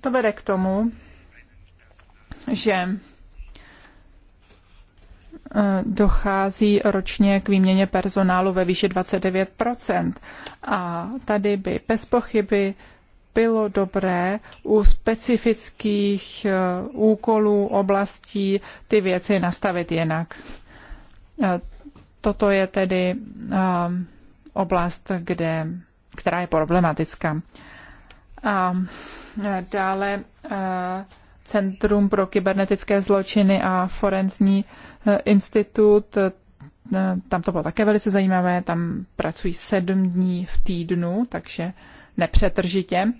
Speaker 3: To vede k tomu, že eh, dochází ročně k výměně personálu ve výši 29 A tady by bez pochyby bylo dobré u specifických eh, úkolů, oblastí ty věci nastavit jinak. Eh, Toto je tedy um, oblast, kde, která je problematická. A dále uh, Centrum pro kybernetické zločiny a Forenzní uh, institut. Uh, tam to bylo také velice zajímavé, tam pracují sedm dní v týdnu, takže nepřetržitě.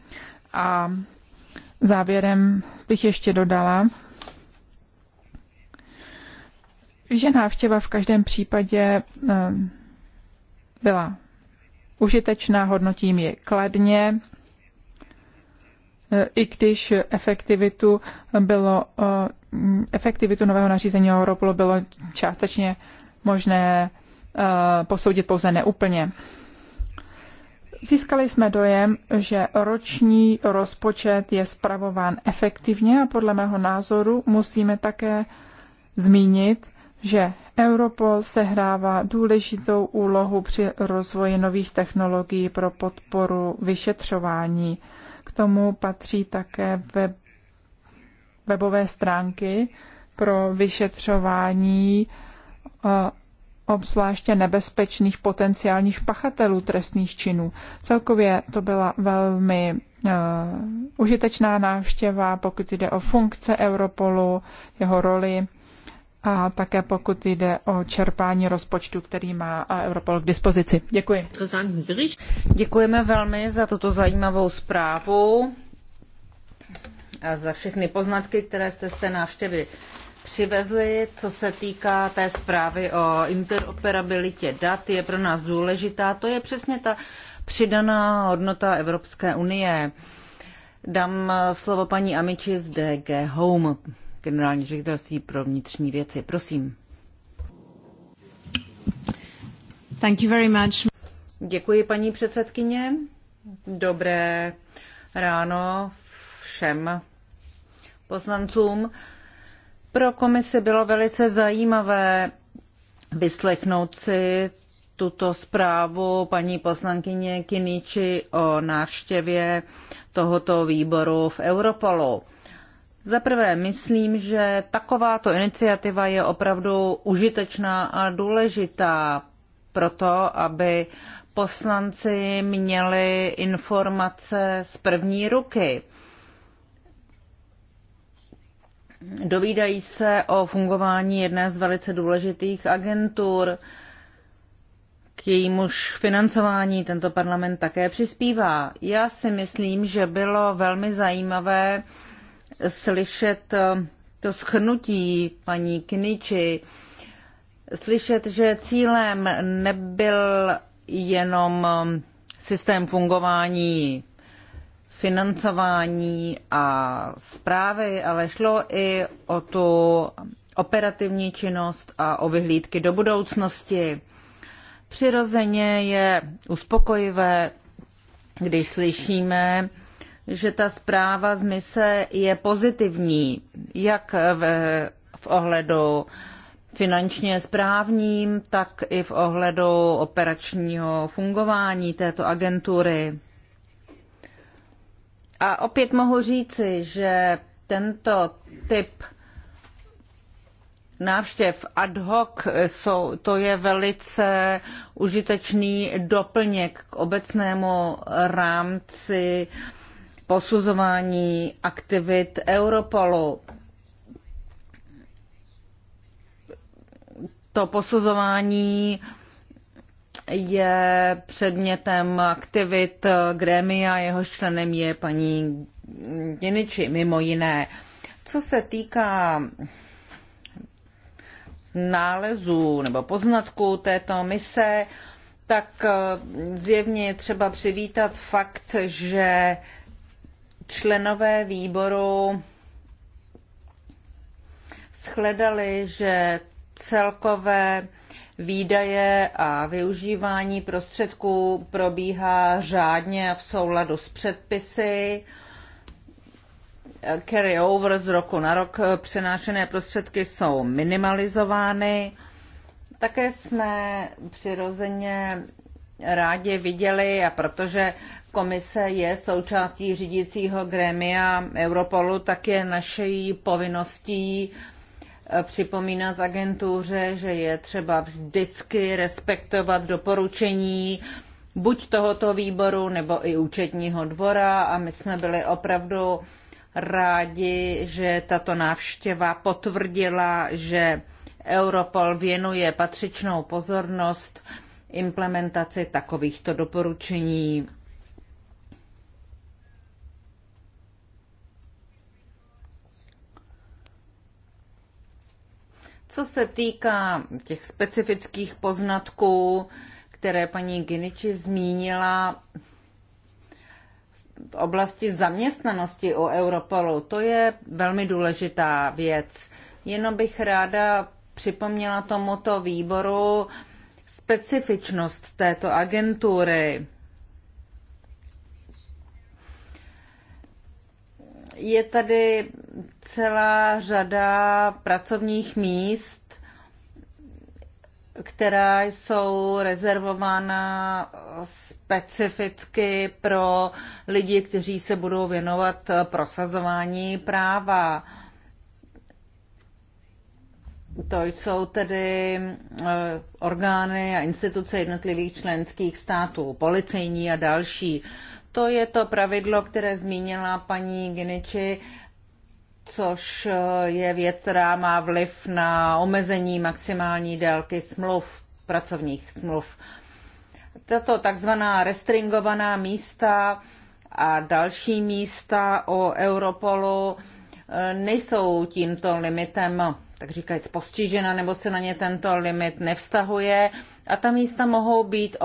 Speaker 3: A závěrem bych ještě dodala, že návštěva v každém případě eh, byla užitečná, hodnotím ji kladně, eh, i když efektivitu, bylo, eh, efektivitu nového nařízení o Europolu bylo částečně možné posoudit pouze neúplně. Získali jsme dojem, že roční rozpočet je spravován efektivně a podle mého názoru musíme také zmínit, že Europol sehrává důležitou úlohu při rozvoji nových technologií pro podporu vyšetřování. K tomu patří také web, webové stránky pro vyšetřování eh, obzvláště nebezpečných potenciálních pachatelů trestných činů. Celkově to byla velmi uh, užitečná návštěva, pokud jde o funkce Europolu, jeho roli a také pokud jde o čerpání rozpočtu, který má Europol k dispozici. Děkuji.
Speaker 1: Děkujeme velmi za tuto zajímavou zprávu a za všechny poznatky, které jste z té návštěvy přivezli. Co se týká té zprávy o interoperabilitě dat, je pro nás důležitá. To je přesně ta přidaná hodnota Evropské unie. Dám slovo paní Amiči z DG Home generální ředitelství pro vnitřní věci. Prosím. Thank you very much. Děkuji, paní předsedkyně. Dobré ráno všem poslancům. Pro komisi bylo velice zajímavé vyslechnout si tuto zprávu paní poslankyně Kiniči o návštěvě tohoto výboru v Europolu. Za prvé, myslím, že takováto iniciativa je opravdu užitečná a důležitá proto, aby poslanci měli informace z první ruky. Dovídají se o fungování jedné z velice důležitých agentur, k jejímuž financování tento parlament také přispívá. Já si myslím, že bylo velmi zajímavé slyšet eh, to schnutí paní Kniči, slyšet, že cílem nebyl jenom eh, systém fungování financování a zprávy, ale šlo i o tu operativní činnost a o vyhlídky do budoucnosti. Přirozeně je uspokojivé, když slyšíme, že ta zpráva z mise je pozitivní, jak v, v ohledu finančně správním, tak i v ohledu operačního fungování této agentury. A opět mohu říci, že tento typ návštěv ad hoc jsou, to je velice užitečný doplněk k obecnému rámci uh, posuzování aktivit Europolu. To posuzování je předmětem aktivit Grémia, jeho členem je paní Děniči, mimo jiné. Co se týká nálezů nebo poznatků této mise, tak zjevně je třeba přivítat fakt, že členové výboru shledali, že celkové výdaje a využívání prostředků probíhá řádně v souladu s předpisy. Carry over z roku na rok přenášené prostředky jsou minimalizovány. Také jsme přirozeně rádi viděli a protože Komise je součástí řídícího grémia Europolu, tak je naší povinností eh, připomínat agentuře, že je třeba vždycky respektovat doporučení buď tohoto výboru nebo i účetního dvora a my jsme byli opravdu rádi, že tato návštěva potvrdila, že Europol věnuje patřičnou pozornost implementaci takovýchto doporučení. Co se týká těch specifických poznatků, které paní Giniči zmínila v oblasti zaměstnanosti u Europolu, to je velmi důležitá věc. Jenom bych ráda připomněla tomuto výboru specifičnost této agentury. Je tady celá řada pracovních míst, která jsou rezervována specificky pro lidi, kteří se budou věnovat prosazování práva. To jsou tedy eh, orgány a instituce jednotlivých členských států, policejní a další. To je to pravidlo, které zmínila paní Giniči, což eh, je věc, která má vliv na omezení maximální délky smluv, pracovních smluv. Tato takzvaná restringovaná místa a další místa o Europolu eh, nejsou tímto limitem, tak říkajíc, postižena, nebo se na ně tento limit nevztahuje. A ta místa mohou být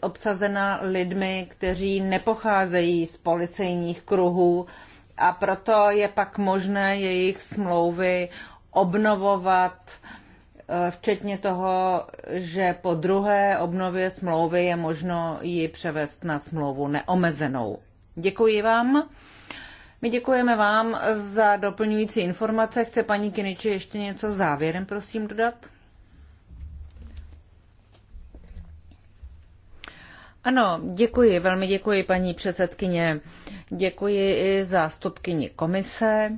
Speaker 1: obsazena lidmi, kteří nepocházejí z policejních kruhů, a proto je pak možné jejich smlouvy obnovovat, eh, včetně toho, že po druhé obnově smlouvy je možno ji převést na smlouvu neomezenou. Děkuji vám. My děkujeme vám za doplňující informace. Chce paní Kiniči ještě něco závěrem, prosím, dodat? Ano, děkuji, velmi děkuji paní předsedkyně. Děkuji i zástupkyni komise.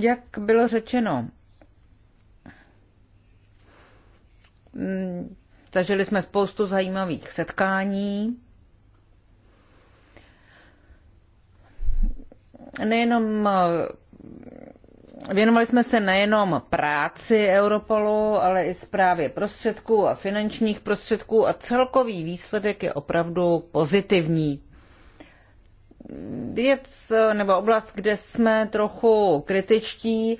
Speaker 1: Jak bylo řečeno, mm, zažili jsme spoustu zajímavých setkání. Nejenom Věnovali jsme se nejenom práci Europolu, ale i zprávě prostředků a finančních prostředků a celkový výsledek je opravdu pozitivní. Věc nebo oblast, kde jsme trochu kritičtí,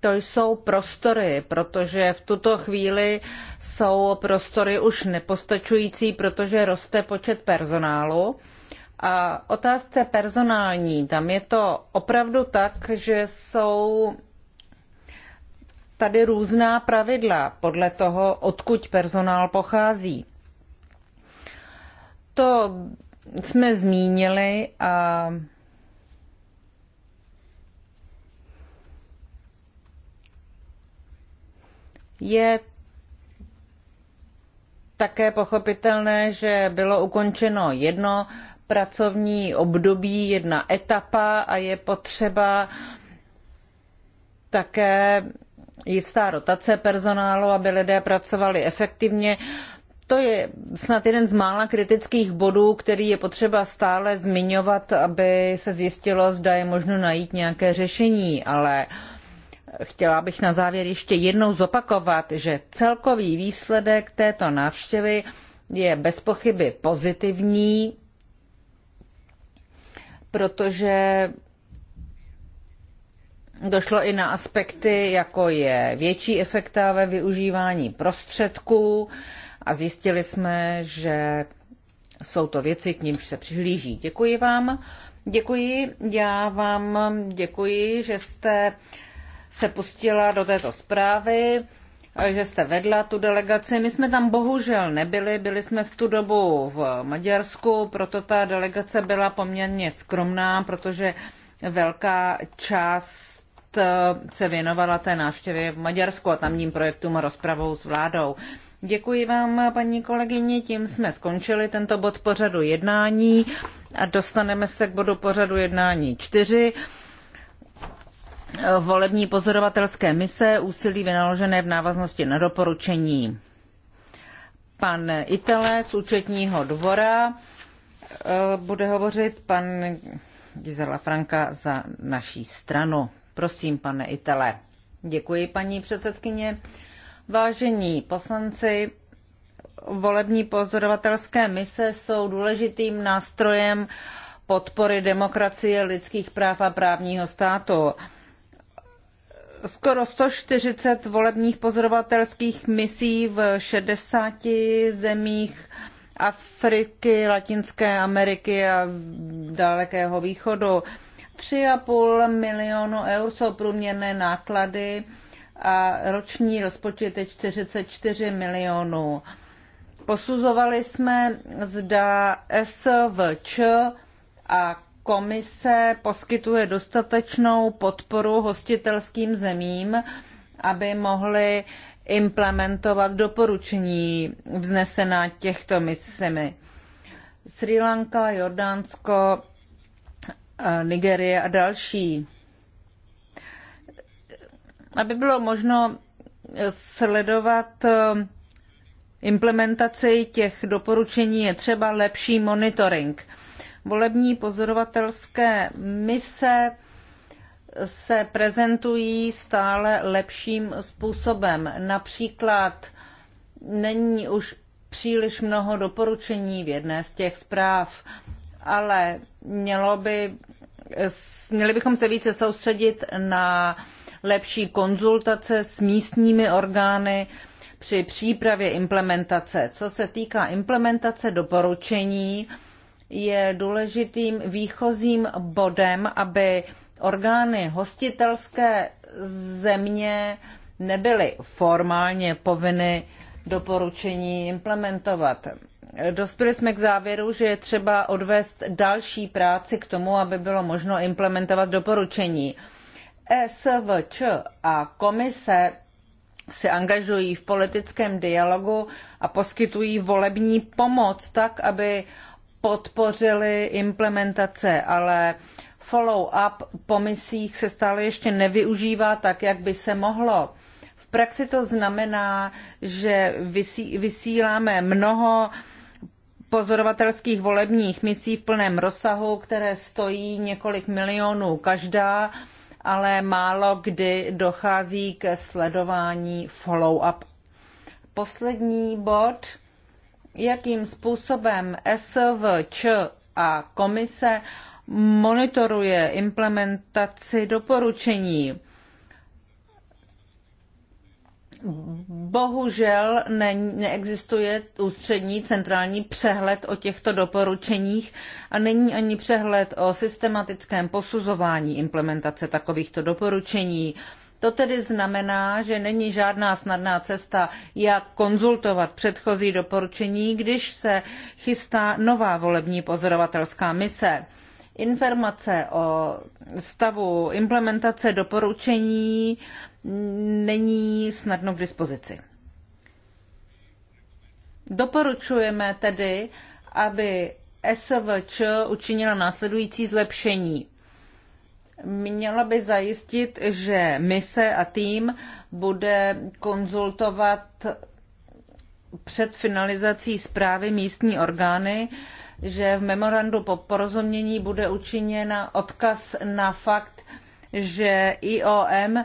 Speaker 1: to jsou prostory, protože v tuto chvíli jsou prostory už nepostačující, protože roste počet personálu a otázce personální, tam je to opravdu tak, že jsou tady různá pravidla podle toho, odkud personál pochází. To jsme zmínili a je také pochopitelné, že bylo ukončeno jedno pracovní období, jedna etapa a je potřeba také jistá rotace personálu, aby lidé pracovali efektivně. To je snad jeden z mála kritických bodů, který je potřeba stále zmiňovat, aby se zjistilo, zda je možno najít nějaké řešení, ale chtěla bych na závěr ještě jednou zopakovat, že celkový výsledek této návštěvy je bezpochyby pozitivní, protože došlo i na aspekty, jako je větší efekta ve využívání prostředků a zjistili jsme, že jsou to věci, k nímž se přihlíží. Děkuji vám. Děkuji. Já vám děkuji, že jste se pustila do této zprávy. Eh, že jste vedla tu delegaci. My jsme tam bohužel nebyli, byli jsme v tu dobu v Maďarsku, proto ta delegace byla poměrně skromná, protože velká část eh, se věnovala té návštěvě v Maďarsku a tamním projektům a rozpravou s vládou. Děkuji vám, paní kolegyně, tím jsme skončili tento bod pořadu jednání a dostaneme se k bodu pořadu jednání čtyři volební pozorovatelské mise, úsilí vynaložené v návaznosti na doporučení. Pan Itele z účetního dvora eh, bude hovořit pan Gizela Franka za naší stranu. Prosím, pane Itele. Děkuji, paní předsedkyně. Vážení poslanci, volební pozorovatelské mise jsou důležitým nástrojem podpory demokracie, lidských práv a právního státu skoro 140 volebních pozorovatelských misí v 60 zemích Afriky, Latinské Ameriky a Dalekého východu. 3,5 milionu eur jsou průměrné náklady a roční rozpočet je 44 milionů. Posuzovali jsme, zda SVČ a komise poskytuje dostatečnou podporu hostitelským zemím, aby mohly implementovat doporučení vznesená těchto misemi. Sri Lanka, Jordánsko, eh, Nigerie a další. Aby bylo možno sledovat eh, implementaci těch doporučení, je třeba lepší monitoring volební pozorovatelské mise se prezentují stále lepším způsobem. Například není už příliš mnoho doporučení v jedné z těch zpráv, ale mělo by, měli bychom se více soustředit na lepší konzultace s místními orgány při přípravě implementace. Co se týká implementace doporučení, je důležitým výchozím bodem, aby orgány hostitelské země nebyly formálně povinny doporučení implementovat. Dospěli jsme k závěru, že je třeba odvést další práci k tomu, aby bylo možno implementovat doporučení. Svč a komise se angažují v politickém dialogu a poskytují volební pomoc tak, aby podpořili implementace, ale follow-up po misích se stále ještě nevyužívá tak, jak by se mohlo. V praxi to znamená, že vysíláme mnoho pozorovatelských volebních misí v plném rozsahu, které stojí několik milionů každá, ale málo kdy dochází ke sledování follow-up. Poslední bod jakým způsobem SVČ a komise monitoruje implementaci doporučení. Bohužel ne, neexistuje ústřední centrální přehled o těchto doporučeních a není ani přehled o systematickém posuzování implementace takovýchto doporučení. Uh, to tedy znamená, že není žádná snadná cesta, jak konzultovat předchozí doporučení, když se chystá nová volební pozorovatelská mise. Informace o stavu implementace doporučení není snadno k dispozici. Doporučujeme tedy, aby SVČ učinila následující zlepšení měla by zajistit, že mise a tým bude konzultovat před finalizací zprávy místní orgány, že v memorandu po porozumění bude učiněna odkaz na fakt, že IOM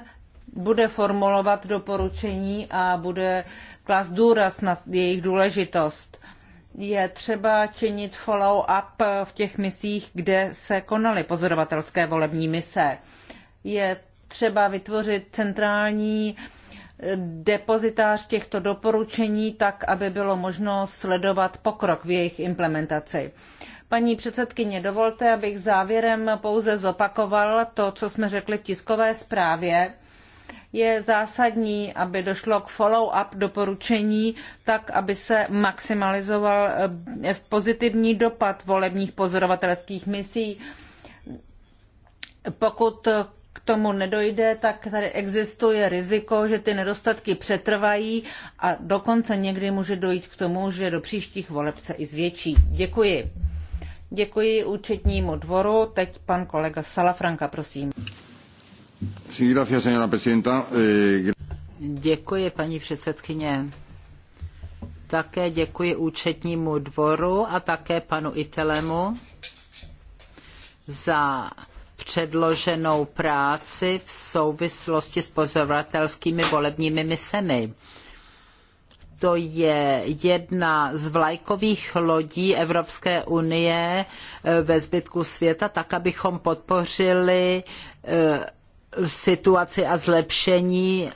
Speaker 1: bude formulovat doporučení a bude klást důraz na jejich důležitost je třeba činit follow-up v těch misích, kde se konaly pozorovatelské volební mise. Je třeba vytvořit centrální eh, depozitář těchto doporučení tak, aby bylo možno sledovat pokrok v jejich implementaci. Paní předsedkyně, dovolte, abych závěrem pouze zopakoval to, co jsme řekli v tiskové zprávě je zásadní, aby došlo k follow-up doporučení, tak aby se maximalizoval eh, pozitivní dopad volebních pozorovatelských misí. Pokud k tomu nedojde, tak tady existuje riziko, že ty nedostatky přetrvají a dokonce někdy může dojít k tomu, že do příštích voleb se i zvětší. Děkuji. Děkuji účetnímu dvoru. Teď pan kolega Salafranka, prosím. Eh,
Speaker 2: děkuji, paní předsedkyně. Také děkuji účetnímu dvoru a také panu Itelemu za předloženou práci v souvislosti s pozorovatelskými volebními misemi. To je jedna z vlajkových lodí Evropské unie eh, ve zbytku světa, tak abychom podpořili eh, situaci a zlepšení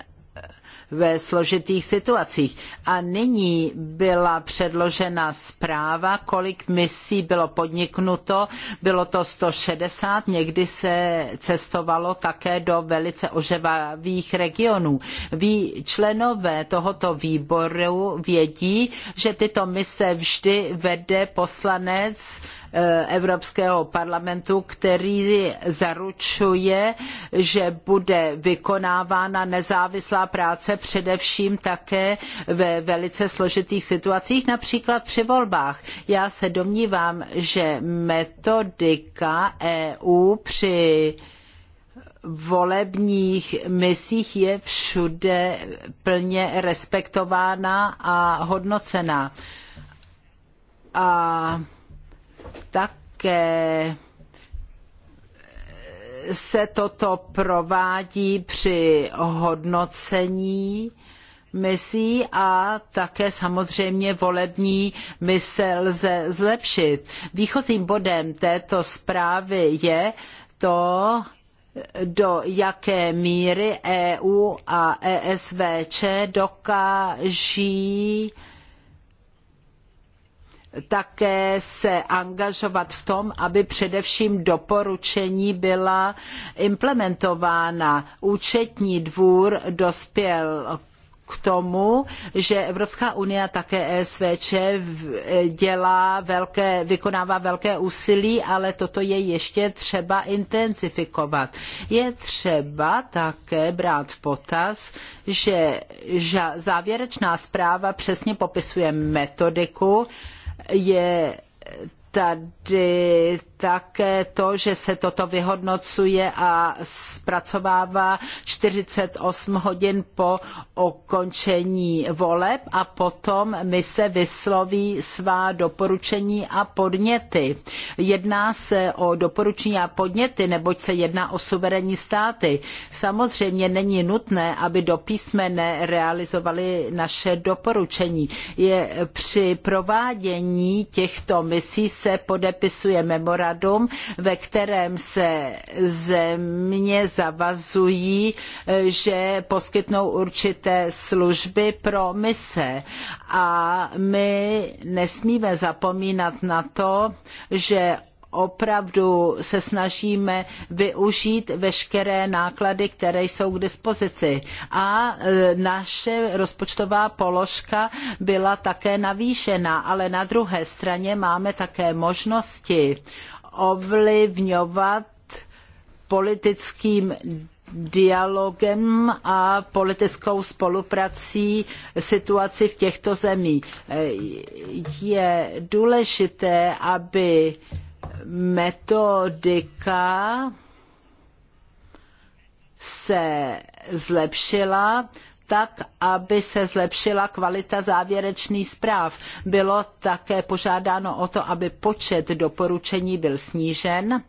Speaker 2: ve složitých situacích. A nyní byla předložena zpráva, kolik misí bylo podniknuto. Bylo to 160, někdy se cestovalo také do velice oževavých regionů. Ví, členové tohoto výboru vědí, že tyto mise vždy vede poslanec Evropského parlamentu, který zaručuje, že bude vykonávána nezávislá práce především také ve velice složitých situacích, například při volbách. Já se domnívám, že metodika EU při volebních misích je všude plně respektována a hodnocena. A také se toto provádí při hodnocení misí a také samozřejmě volební mise lze zlepšit. Výchozím bodem této zprávy je to, do jaké míry EU a ESVČ dokáží také se angažovat v tom, aby především doporučení byla implementována. Účetní dvůr dospěl k tomu, že Evropská unie a také ESVČ dělá velké, vykonává velké úsilí, ale toto je ještě třeba intenzifikovat. Je třeba také brát v potaz, že závěrečná zpráva přesně popisuje metodiku, je tady také to, že se toto vyhodnocuje a zpracovává 48 hodin po ukončení voleb a potom mise vysloví svá doporučení a podněty. Jedná se o doporučení a podněty, neboť se jedná o suverénní státy. Samozřejmě není nutné, aby do písmene realizovali naše doporučení. Je, při provádění těchto misí se podepisuje memorandum memorandum, ve kterém se země zavazují, eh, že poskytnou určité služby pro mise. A my nesmíme zapomínat na to, že opravdu se snažíme využít veškeré náklady, které jsou k dispozici. A eh, naše rozpočtová položka byla také navýšena, ale na druhé straně máme také možnosti ovlivňovat politickým dialogem a politickou spoluprací situaci v těchto zemích. Je důležité, aby metodika se zlepšila, tak, aby se zlepšila kvalita závěrečných zpráv. Bylo také požádáno o to, aby počet doporučení byl snížen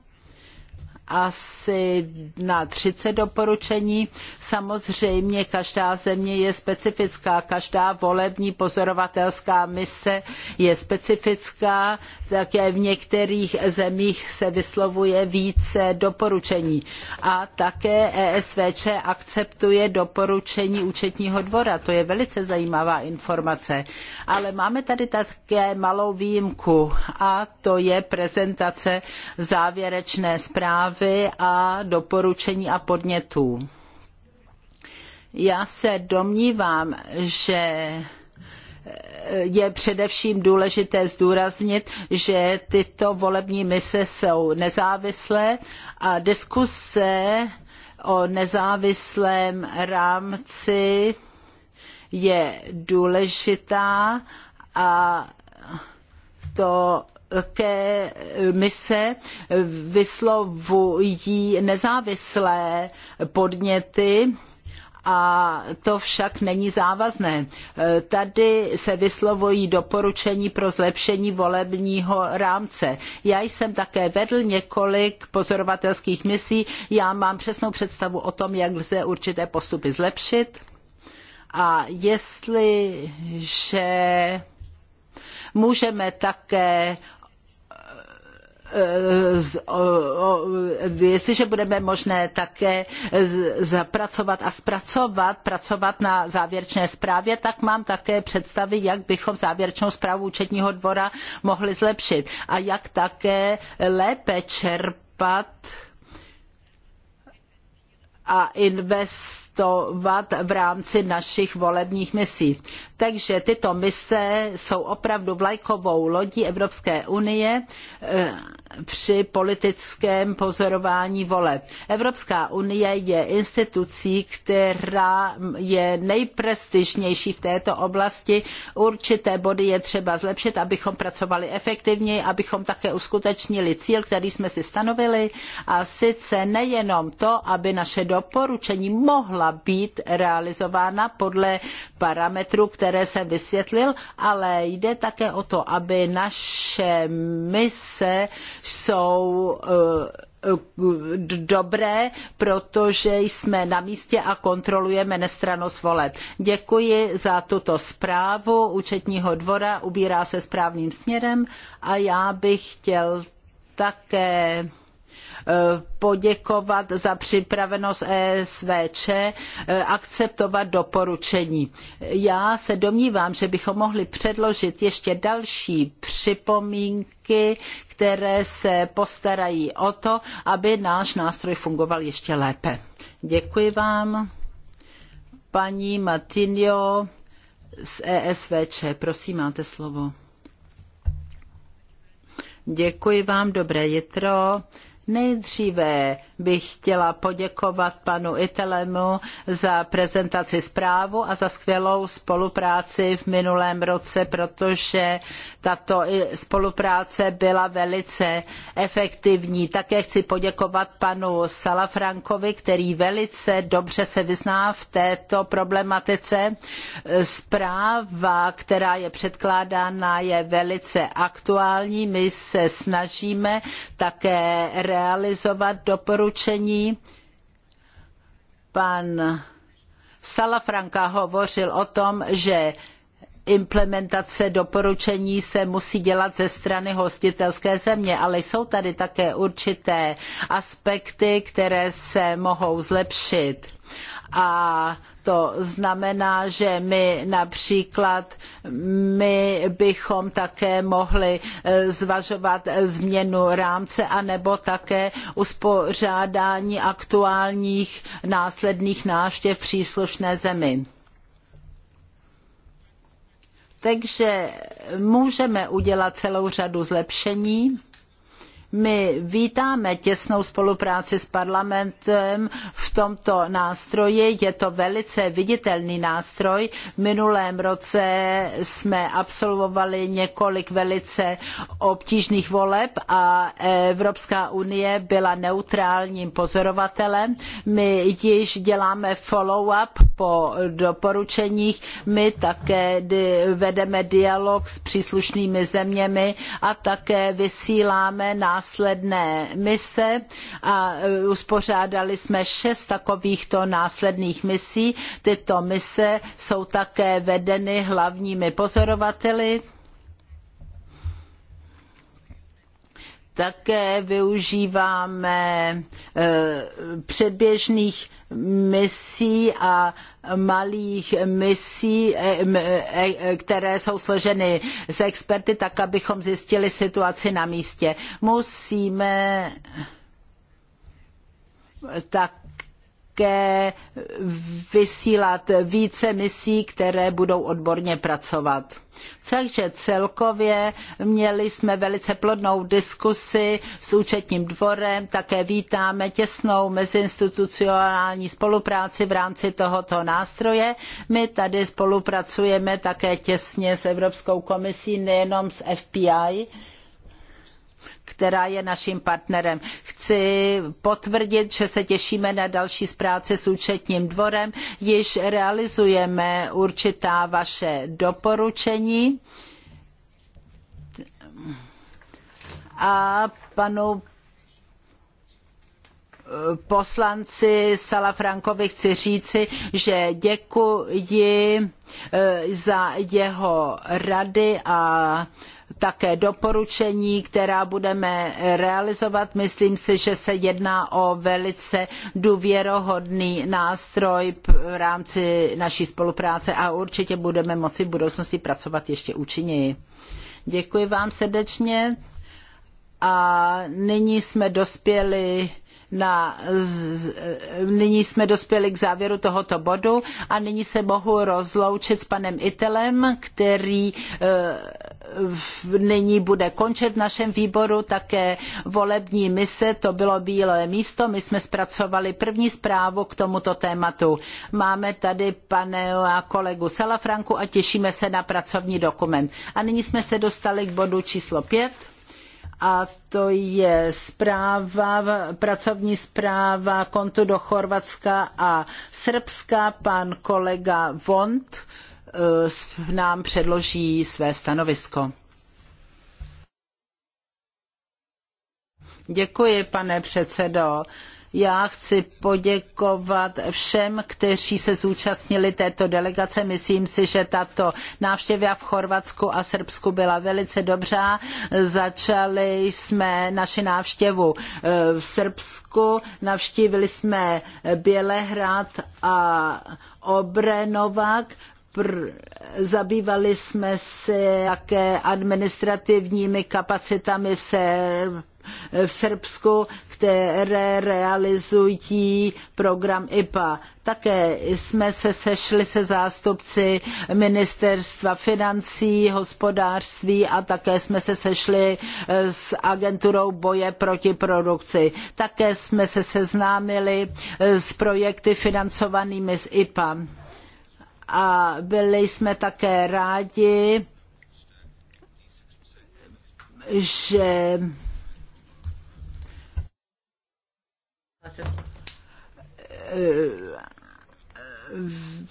Speaker 2: asi na 30 doporučení. Samozřejmě každá země je specifická, každá volební pozorovatelská mise je specifická, také v některých zemích se vyslovuje více doporučení. A také ESVČ akceptuje doporučení účetního dvora, to je velice zajímavá informace. Ale máme tady také malou výjimku a to je prezentace závěrečné zprávy zprávy a doporučení a podnětů. Já se domnívám, že je především důležité zdůraznit, že tyto volební mise jsou nezávislé a diskuse o nezávislém rámci je důležitá a to ke mise vyslovují nezávislé podněty a to však není závazné. Tady se vyslovují doporučení pro zlepšení volebního rámce. Já jsem také vedl několik pozorovatelských misí. Já mám přesnou představu o tom, jak lze určité postupy zlepšit. A jestliže můžeme také Eh, jestliže budeme možné také zapracovat a zpracovat, pracovat na závěrečné zprávě, tak mám také představy, jak bychom závěrečnou zprávu účetního dvora mohli zlepšit a jak také lépe čerpat a investovat investovat v rámci našich volebních misí. Takže tyto mise jsou opravdu vlajkovou lodí Evropské unie eh, při politickém pozorování voleb. Evropská unie je institucí, která je nejprestižnější v této oblasti. Určité body je třeba zlepšit, abychom pracovali efektivněji, abychom také uskutečnili cíl, který jsme si stanovili, a sice nejenom to, aby naše doporučení mohla měla být realizována podle parametrů, které jsem vysvětlil, ale jde také o to, aby naše mise jsou eh, dobré, protože jsme na místě a kontrolujeme nestranost voleb. Děkuji za tuto zprávu účetního dvora, ubírá se správným směrem a já bych chtěl také poděkovat za připravenost ESVČ eh, akceptovat doporučení. Já se domnívám, že bychom mohli předložit ještě další připomínky, které se postarají o to, aby náš nástroj fungoval ještě lépe. Děkuji vám. Paní Matinio z ESVČ, prosím, máte slovo. Děkuji vám, dobré jitro. Nejdříve bych chtěla poděkovat panu Itelemu za prezentaci zprávu a za skvělou spolupráci v minulém roce, protože tato spolupráce byla velice efektivní. Také chci poděkovat panu Salafrankovi, který velice dobře se vyzná v této problematice. Zpráva, která je předkládána, je velice aktuální. My se snažíme také realizovat doporučení doporučení. Pan Salafranka hovořil o tom, že implementace doporučení se musí dělat ze strany hostitelské země, ale jsou tady také určité aspekty, které se mohou zlepšit. A to znamená, že my například my bychom také mohli eh, zvažovat změnu rámce anebo také uspořádání aktuálních následných návštěv v příslušné zemi. Takže můžeme udělat celou řadu zlepšení my vítáme těsnou spolupráci s parlamentem v tomto nástroji. Je to velice viditelný nástroj. V minulém roce jsme absolvovali několik velice obtížných voleb a Evropská unie byla neutrálním pozorovatelem. My již děláme follow-up po doporučeních. My také vedeme dialog s příslušnými zeměmi a také vysíláme na následné mise a e, uspořádali jsme šest takovýchto následných misí. Tyto mise jsou také vedeny hlavními pozorovateli. Také využíváme e, předběžných misí a malých misí, eh, eh, eh, které jsou složeny z experty, tak abychom zjistili situaci na místě. Musíme tak také vysílat více misí, které budou odborně pracovat. Takže celkově měli jsme velice plodnou diskusi s účetním dvorem, také vítáme těsnou meziinstitucionální spolupráci v rámci tohoto nástroje. My tady spolupracujeme také těsně s Evropskou komisí, nejenom s FPI, která je naším partnerem. Chci potvrdit, že se těšíme na další zpráce s účetním dvorem. Již realizujeme určitá vaše doporučení. A panu poslanci Salafrankovi chci říci, že děkuji eh, za jeho rady a také doporučení, která budeme realizovat. Myslím si, že se jedná o velice důvěrohodný nástroj v rámci naší spolupráce a určitě budeme moci v budoucnosti pracovat ještě účinněji. Děkuji vám srdečně a nyní jsme dospěli na, nyní jsme dospěli k závěru tohoto bodu a nyní se mohu rozloučit s panem Itelem, který eh, nyní bude končit v našem výboru také volební mise, to bylo bílé místo, my jsme zpracovali první zprávu k tomuto tématu. Máme tady pane a kolegu Salafranku a těšíme se na pracovní dokument. A nyní jsme se dostali k bodu číslo 5 a to je zpráva, pracovní zpráva kontu do Chorvatska a Srbska. Pan kolega Vont eh, nám předloží své stanovisko. Děkuji, pane předsedo. Já chci poděkovat všem, kteří se zúčastnili této delegace. Myslím si, že tato návštěva v Chorvatsku a Srbsku byla velice dobrá. Začali jsme naši návštěvu eh, v Srbsku, navštívili jsme Bělehrad a Obrenovak, pr- zabývali jsme se také administrativními kapacitami v Srbsku v Srbsku, které realizují program IPA. Také jsme se sešli se zástupci ministerstva financí, hospodářství a také jsme se sešli eh, s agenturou boje proti produkci. Také jsme se seznámili eh, s projekty financovanými z IPA. A byli jsme také rádi, že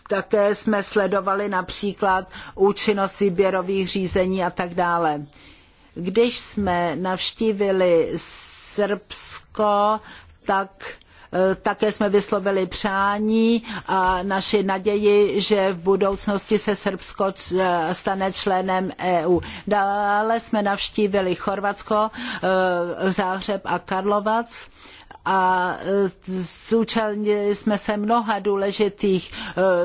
Speaker 2: Také jsme sledovali například účinnost výběrových řízení a tak dále. Když jsme navštívili Srbsko, tak eh, také jsme vyslovili přání a naši naději, že v budoucnosti se Srbsko eh, stane členem EU. Dále jsme navštívili Chorvatsko, eh, Záhřeb a Karlovac a e, zúčastnili jsme se mnoha důležitých e,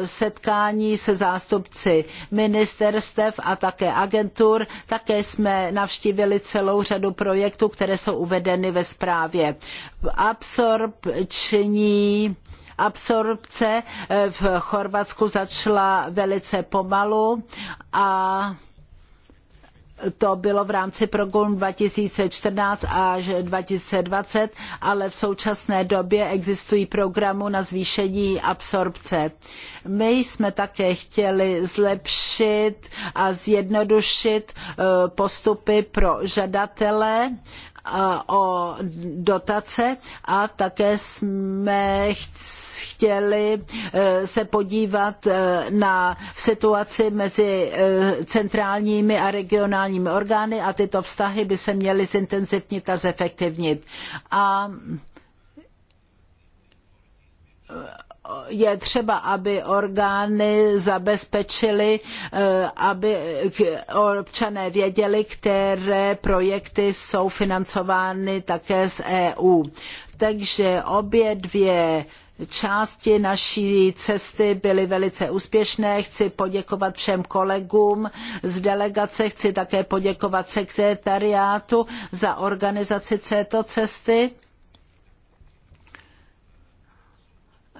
Speaker 2: setkání se zástupci ministerstev a také agentur. Také jsme navštívili celou řadu projektů, které jsou uvedeny ve zprávě. Absorpční absorpce e, v Chorvatsku začala velice pomalu a to bylo v rámci programu 2014 až 2020, ale v současné době existují programy na zvýšení absorpce. My jsme také chtěli zlepšit a zjednodušit eh, postupy pro žadatele o dotace a také jsme chtěli e, se podívat e, na situaci mezi e, centrálními a regionálními orgány a tyto vztahy by se měly zintenzivnit a zefektivnit. A je třeba, aby orgány zabezpečily, eh, aby občané věděli, které projekty jsou financovány také z EU. Takže obě dvě části naší cesty byly velice úspěšné. Chci poděkovat všem kolegům z delegace, chci také poděkovat sekretariátu za organizaci této cesty.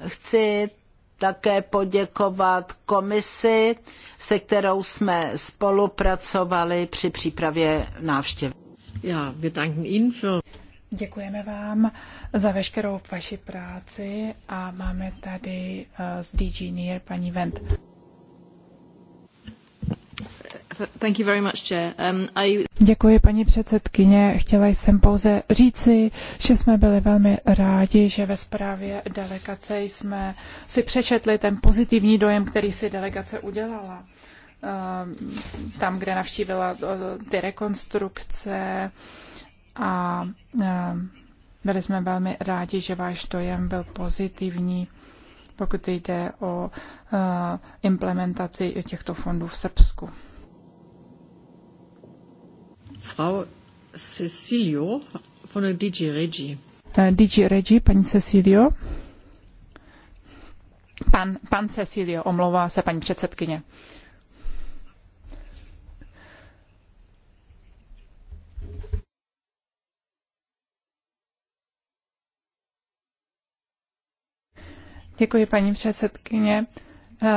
Speaker 2: Chci také poděkovat komisi, se kterou jsme spolupracovali při přípravě návštěvy.
Speaker 3: Já Děkujeme vám za veškerou vaši práci a máme tady z eh, DG NIR paní Vent. Um, Děkuji, paní předsedkyně. Chtěla jsem pouze říci, že jsme byli velmi rádi, že ve zprávě delegace jsme si přečetli ten pozitivní dojem, který si delegace udělala. Um, tam, kde navštívila ty rekonstrukce a um, byli jsme velmi rádi, že váš dojem byl pozitivní pokud jde o eh, implementaci těchto fondů v Srbsku. Frau Cecilio von der DG Regi. Eh, DG Regi, paní Cecilio. Pan, pan Cecilio, omlouvá se paní předsedkyně. Uh, Děkuji, paní předsedkyně.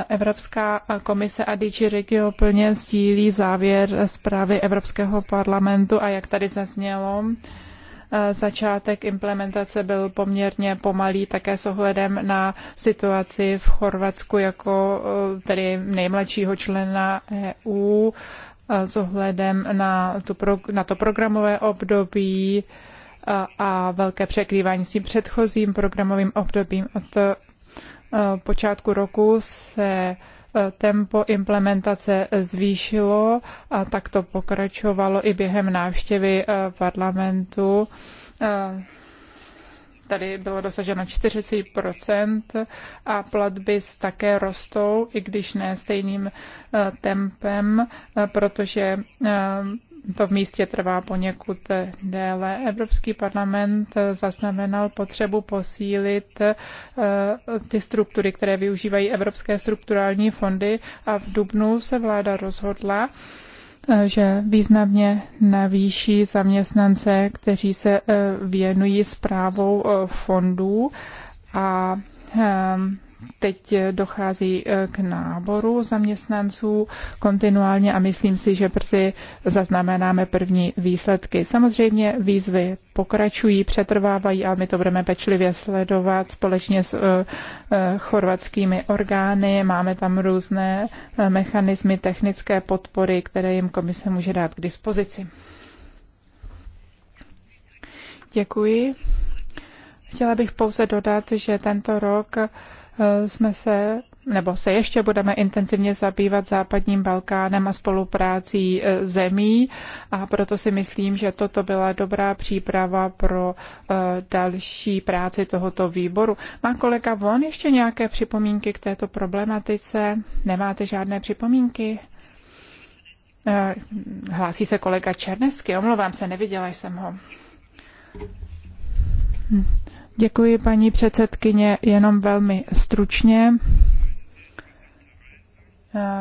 Speaker 3: Evropská komise a DG Regio plně sdílí závěr zprávy Evropského parlamentu a jak tady zaznělo, začátek implementace byl poměrně pomalý, také s ohledem na situaci v Chorvatsku jako tedy nejmladšího člena EU s ohledem na, tu pro, na to programové období a, a velké překrývání s tím předchozím programovým obdobím. Od e, počátku roku se e, tempo implementace zvýšilo a tak to pokračovalo i během návštěvy e, parlamentu tady bylo dosaženo 40% a platby také rostou, i když ne stejným eh, tempem, eh, protože eh, to v místě trvá poněkud déle. Evropský parlament zaznamenal potřebu posílit ty struktury, které využívají evropské strukturální fondy a v Dubnu se vláda rozhodla, že významně navýší zaměstnance, kteří se eh, věnují zprávou eh, fondů a ehm, Teď eh, dochází eh, k náboru zaměstnanců kontinuálně a myslím si, že brzy zaznamenáme první výsledky. Samozřejmě výzvy pokračují, přetrvávají a my to budeme pečlivě sledovat společně s eh, chorvatskými orgány. Máme tam různé mechanismy technické podpory, které jim komise může dát k dispozici. Děkuji. Chtěla bych pouze dodat, že tento rok Eh, jsme se nebo se ještě budeme intenzivně zabývat západním Balkánem a spoluprácí eh, zemí a proto si myslím, že toto byla dobrá příprava pro eh, další práci tohoto výboru. Má kolega Von ještě nějaké připomínky k této problematice? Nemáte žádné připomínky? Hlásí se kolega Černesky, omlouvám se, neviděla jsem ho. Hm. Děkuji, paní předsedkyně, jenom velmi stručně.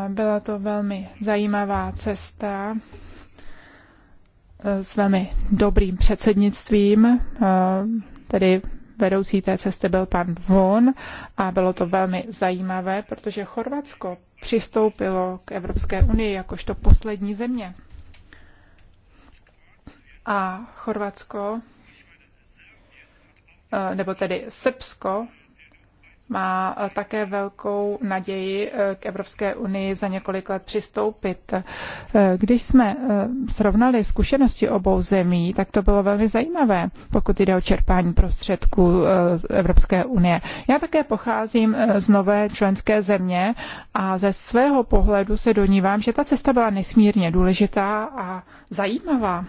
Speaker 3: Byla to velmi zajímavá cesta s velmi dobrým předsednictvím, tedy vedoucí té cesty byl pan Von a bylo to velmi zajímavé, protože Chorvatsko přistoupilo k Evropské unii jakožto poslední země. A Chorvatsko Eh, nebo tedy Srbsko, má eh, také velkou naději eh, k Evropské unii za několik let přistoupit. Když jsme srovnali zkušenosti obou zemí, tak to bylo velmi zajímavé, pokud jde o čerpání prostředků Evropské unie. Já také pocházím z nové členské země a ze svého pohledu se donívám, že ta cesta byla nesmírně důležitá a zajímavá.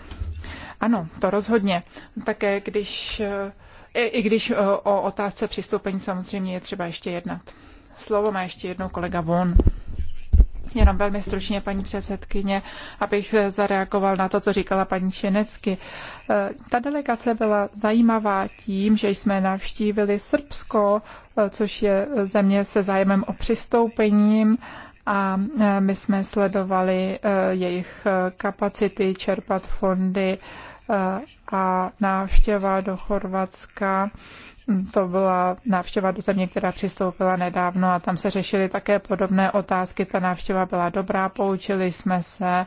Speaker 3: Ano, to rozhodně. Také když i, když když eh, o otázce přistoupení samozřejmě je třeba ještě jednat. Slovo má ještě jednou kolega Von. Jenom velmi stručně, paní předsedkyně, abych eh, zareagoval na to, co říkala paní Šenecky. Eh, ta delegace byla zajímavá tím, že jsme navštívili Srbsko, což je země se zájemem o přistoupením a my jsme sledovali jejich kapacity čerpat fondy a návštěva do Chorvatska. Mm, to byla návštěva do země, která přistoupila nedávno a tam se řešily také podobné otázky. Ta návštěva byla dobrá, poučili jsme se, e,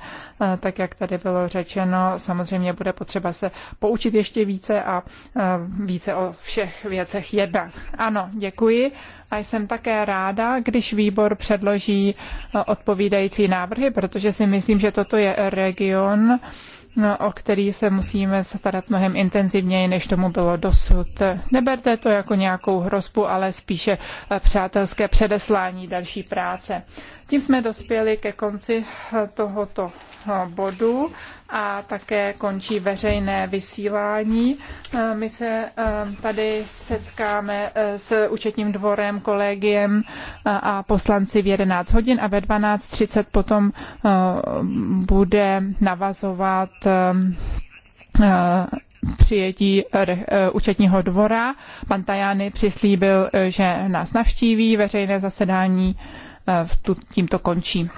Speaker 3: tak jak tady bylo řečeno. Samozřejmě bude potřeba se poučit ještě více a e, více o všech věcech jednat. Ano, děkuji a jsem také ráda, když výbor předloží e, odpovídající návrhy, protože si myslím, že toto je region, No, o který se musíme starat mnohem intenzivněji, než tomu bylo dosud. Neberte to jako nějakou hrozbu, ale spíše eh, přátelské předeslání další práce. Tím jsme dospěli ke konci eh, tohoto eh, bodu a také končí veřejné vysílání. Eh, my se eh, tady setkáme eh, s účetním dvorem, kolegiem a poslanci v 11 hodin a ve 12.30 potom bude navazovat přijetí účetního dvora. Pan Tajány přislíbil, že nás navštíví, veřejné zasedání tímto končí.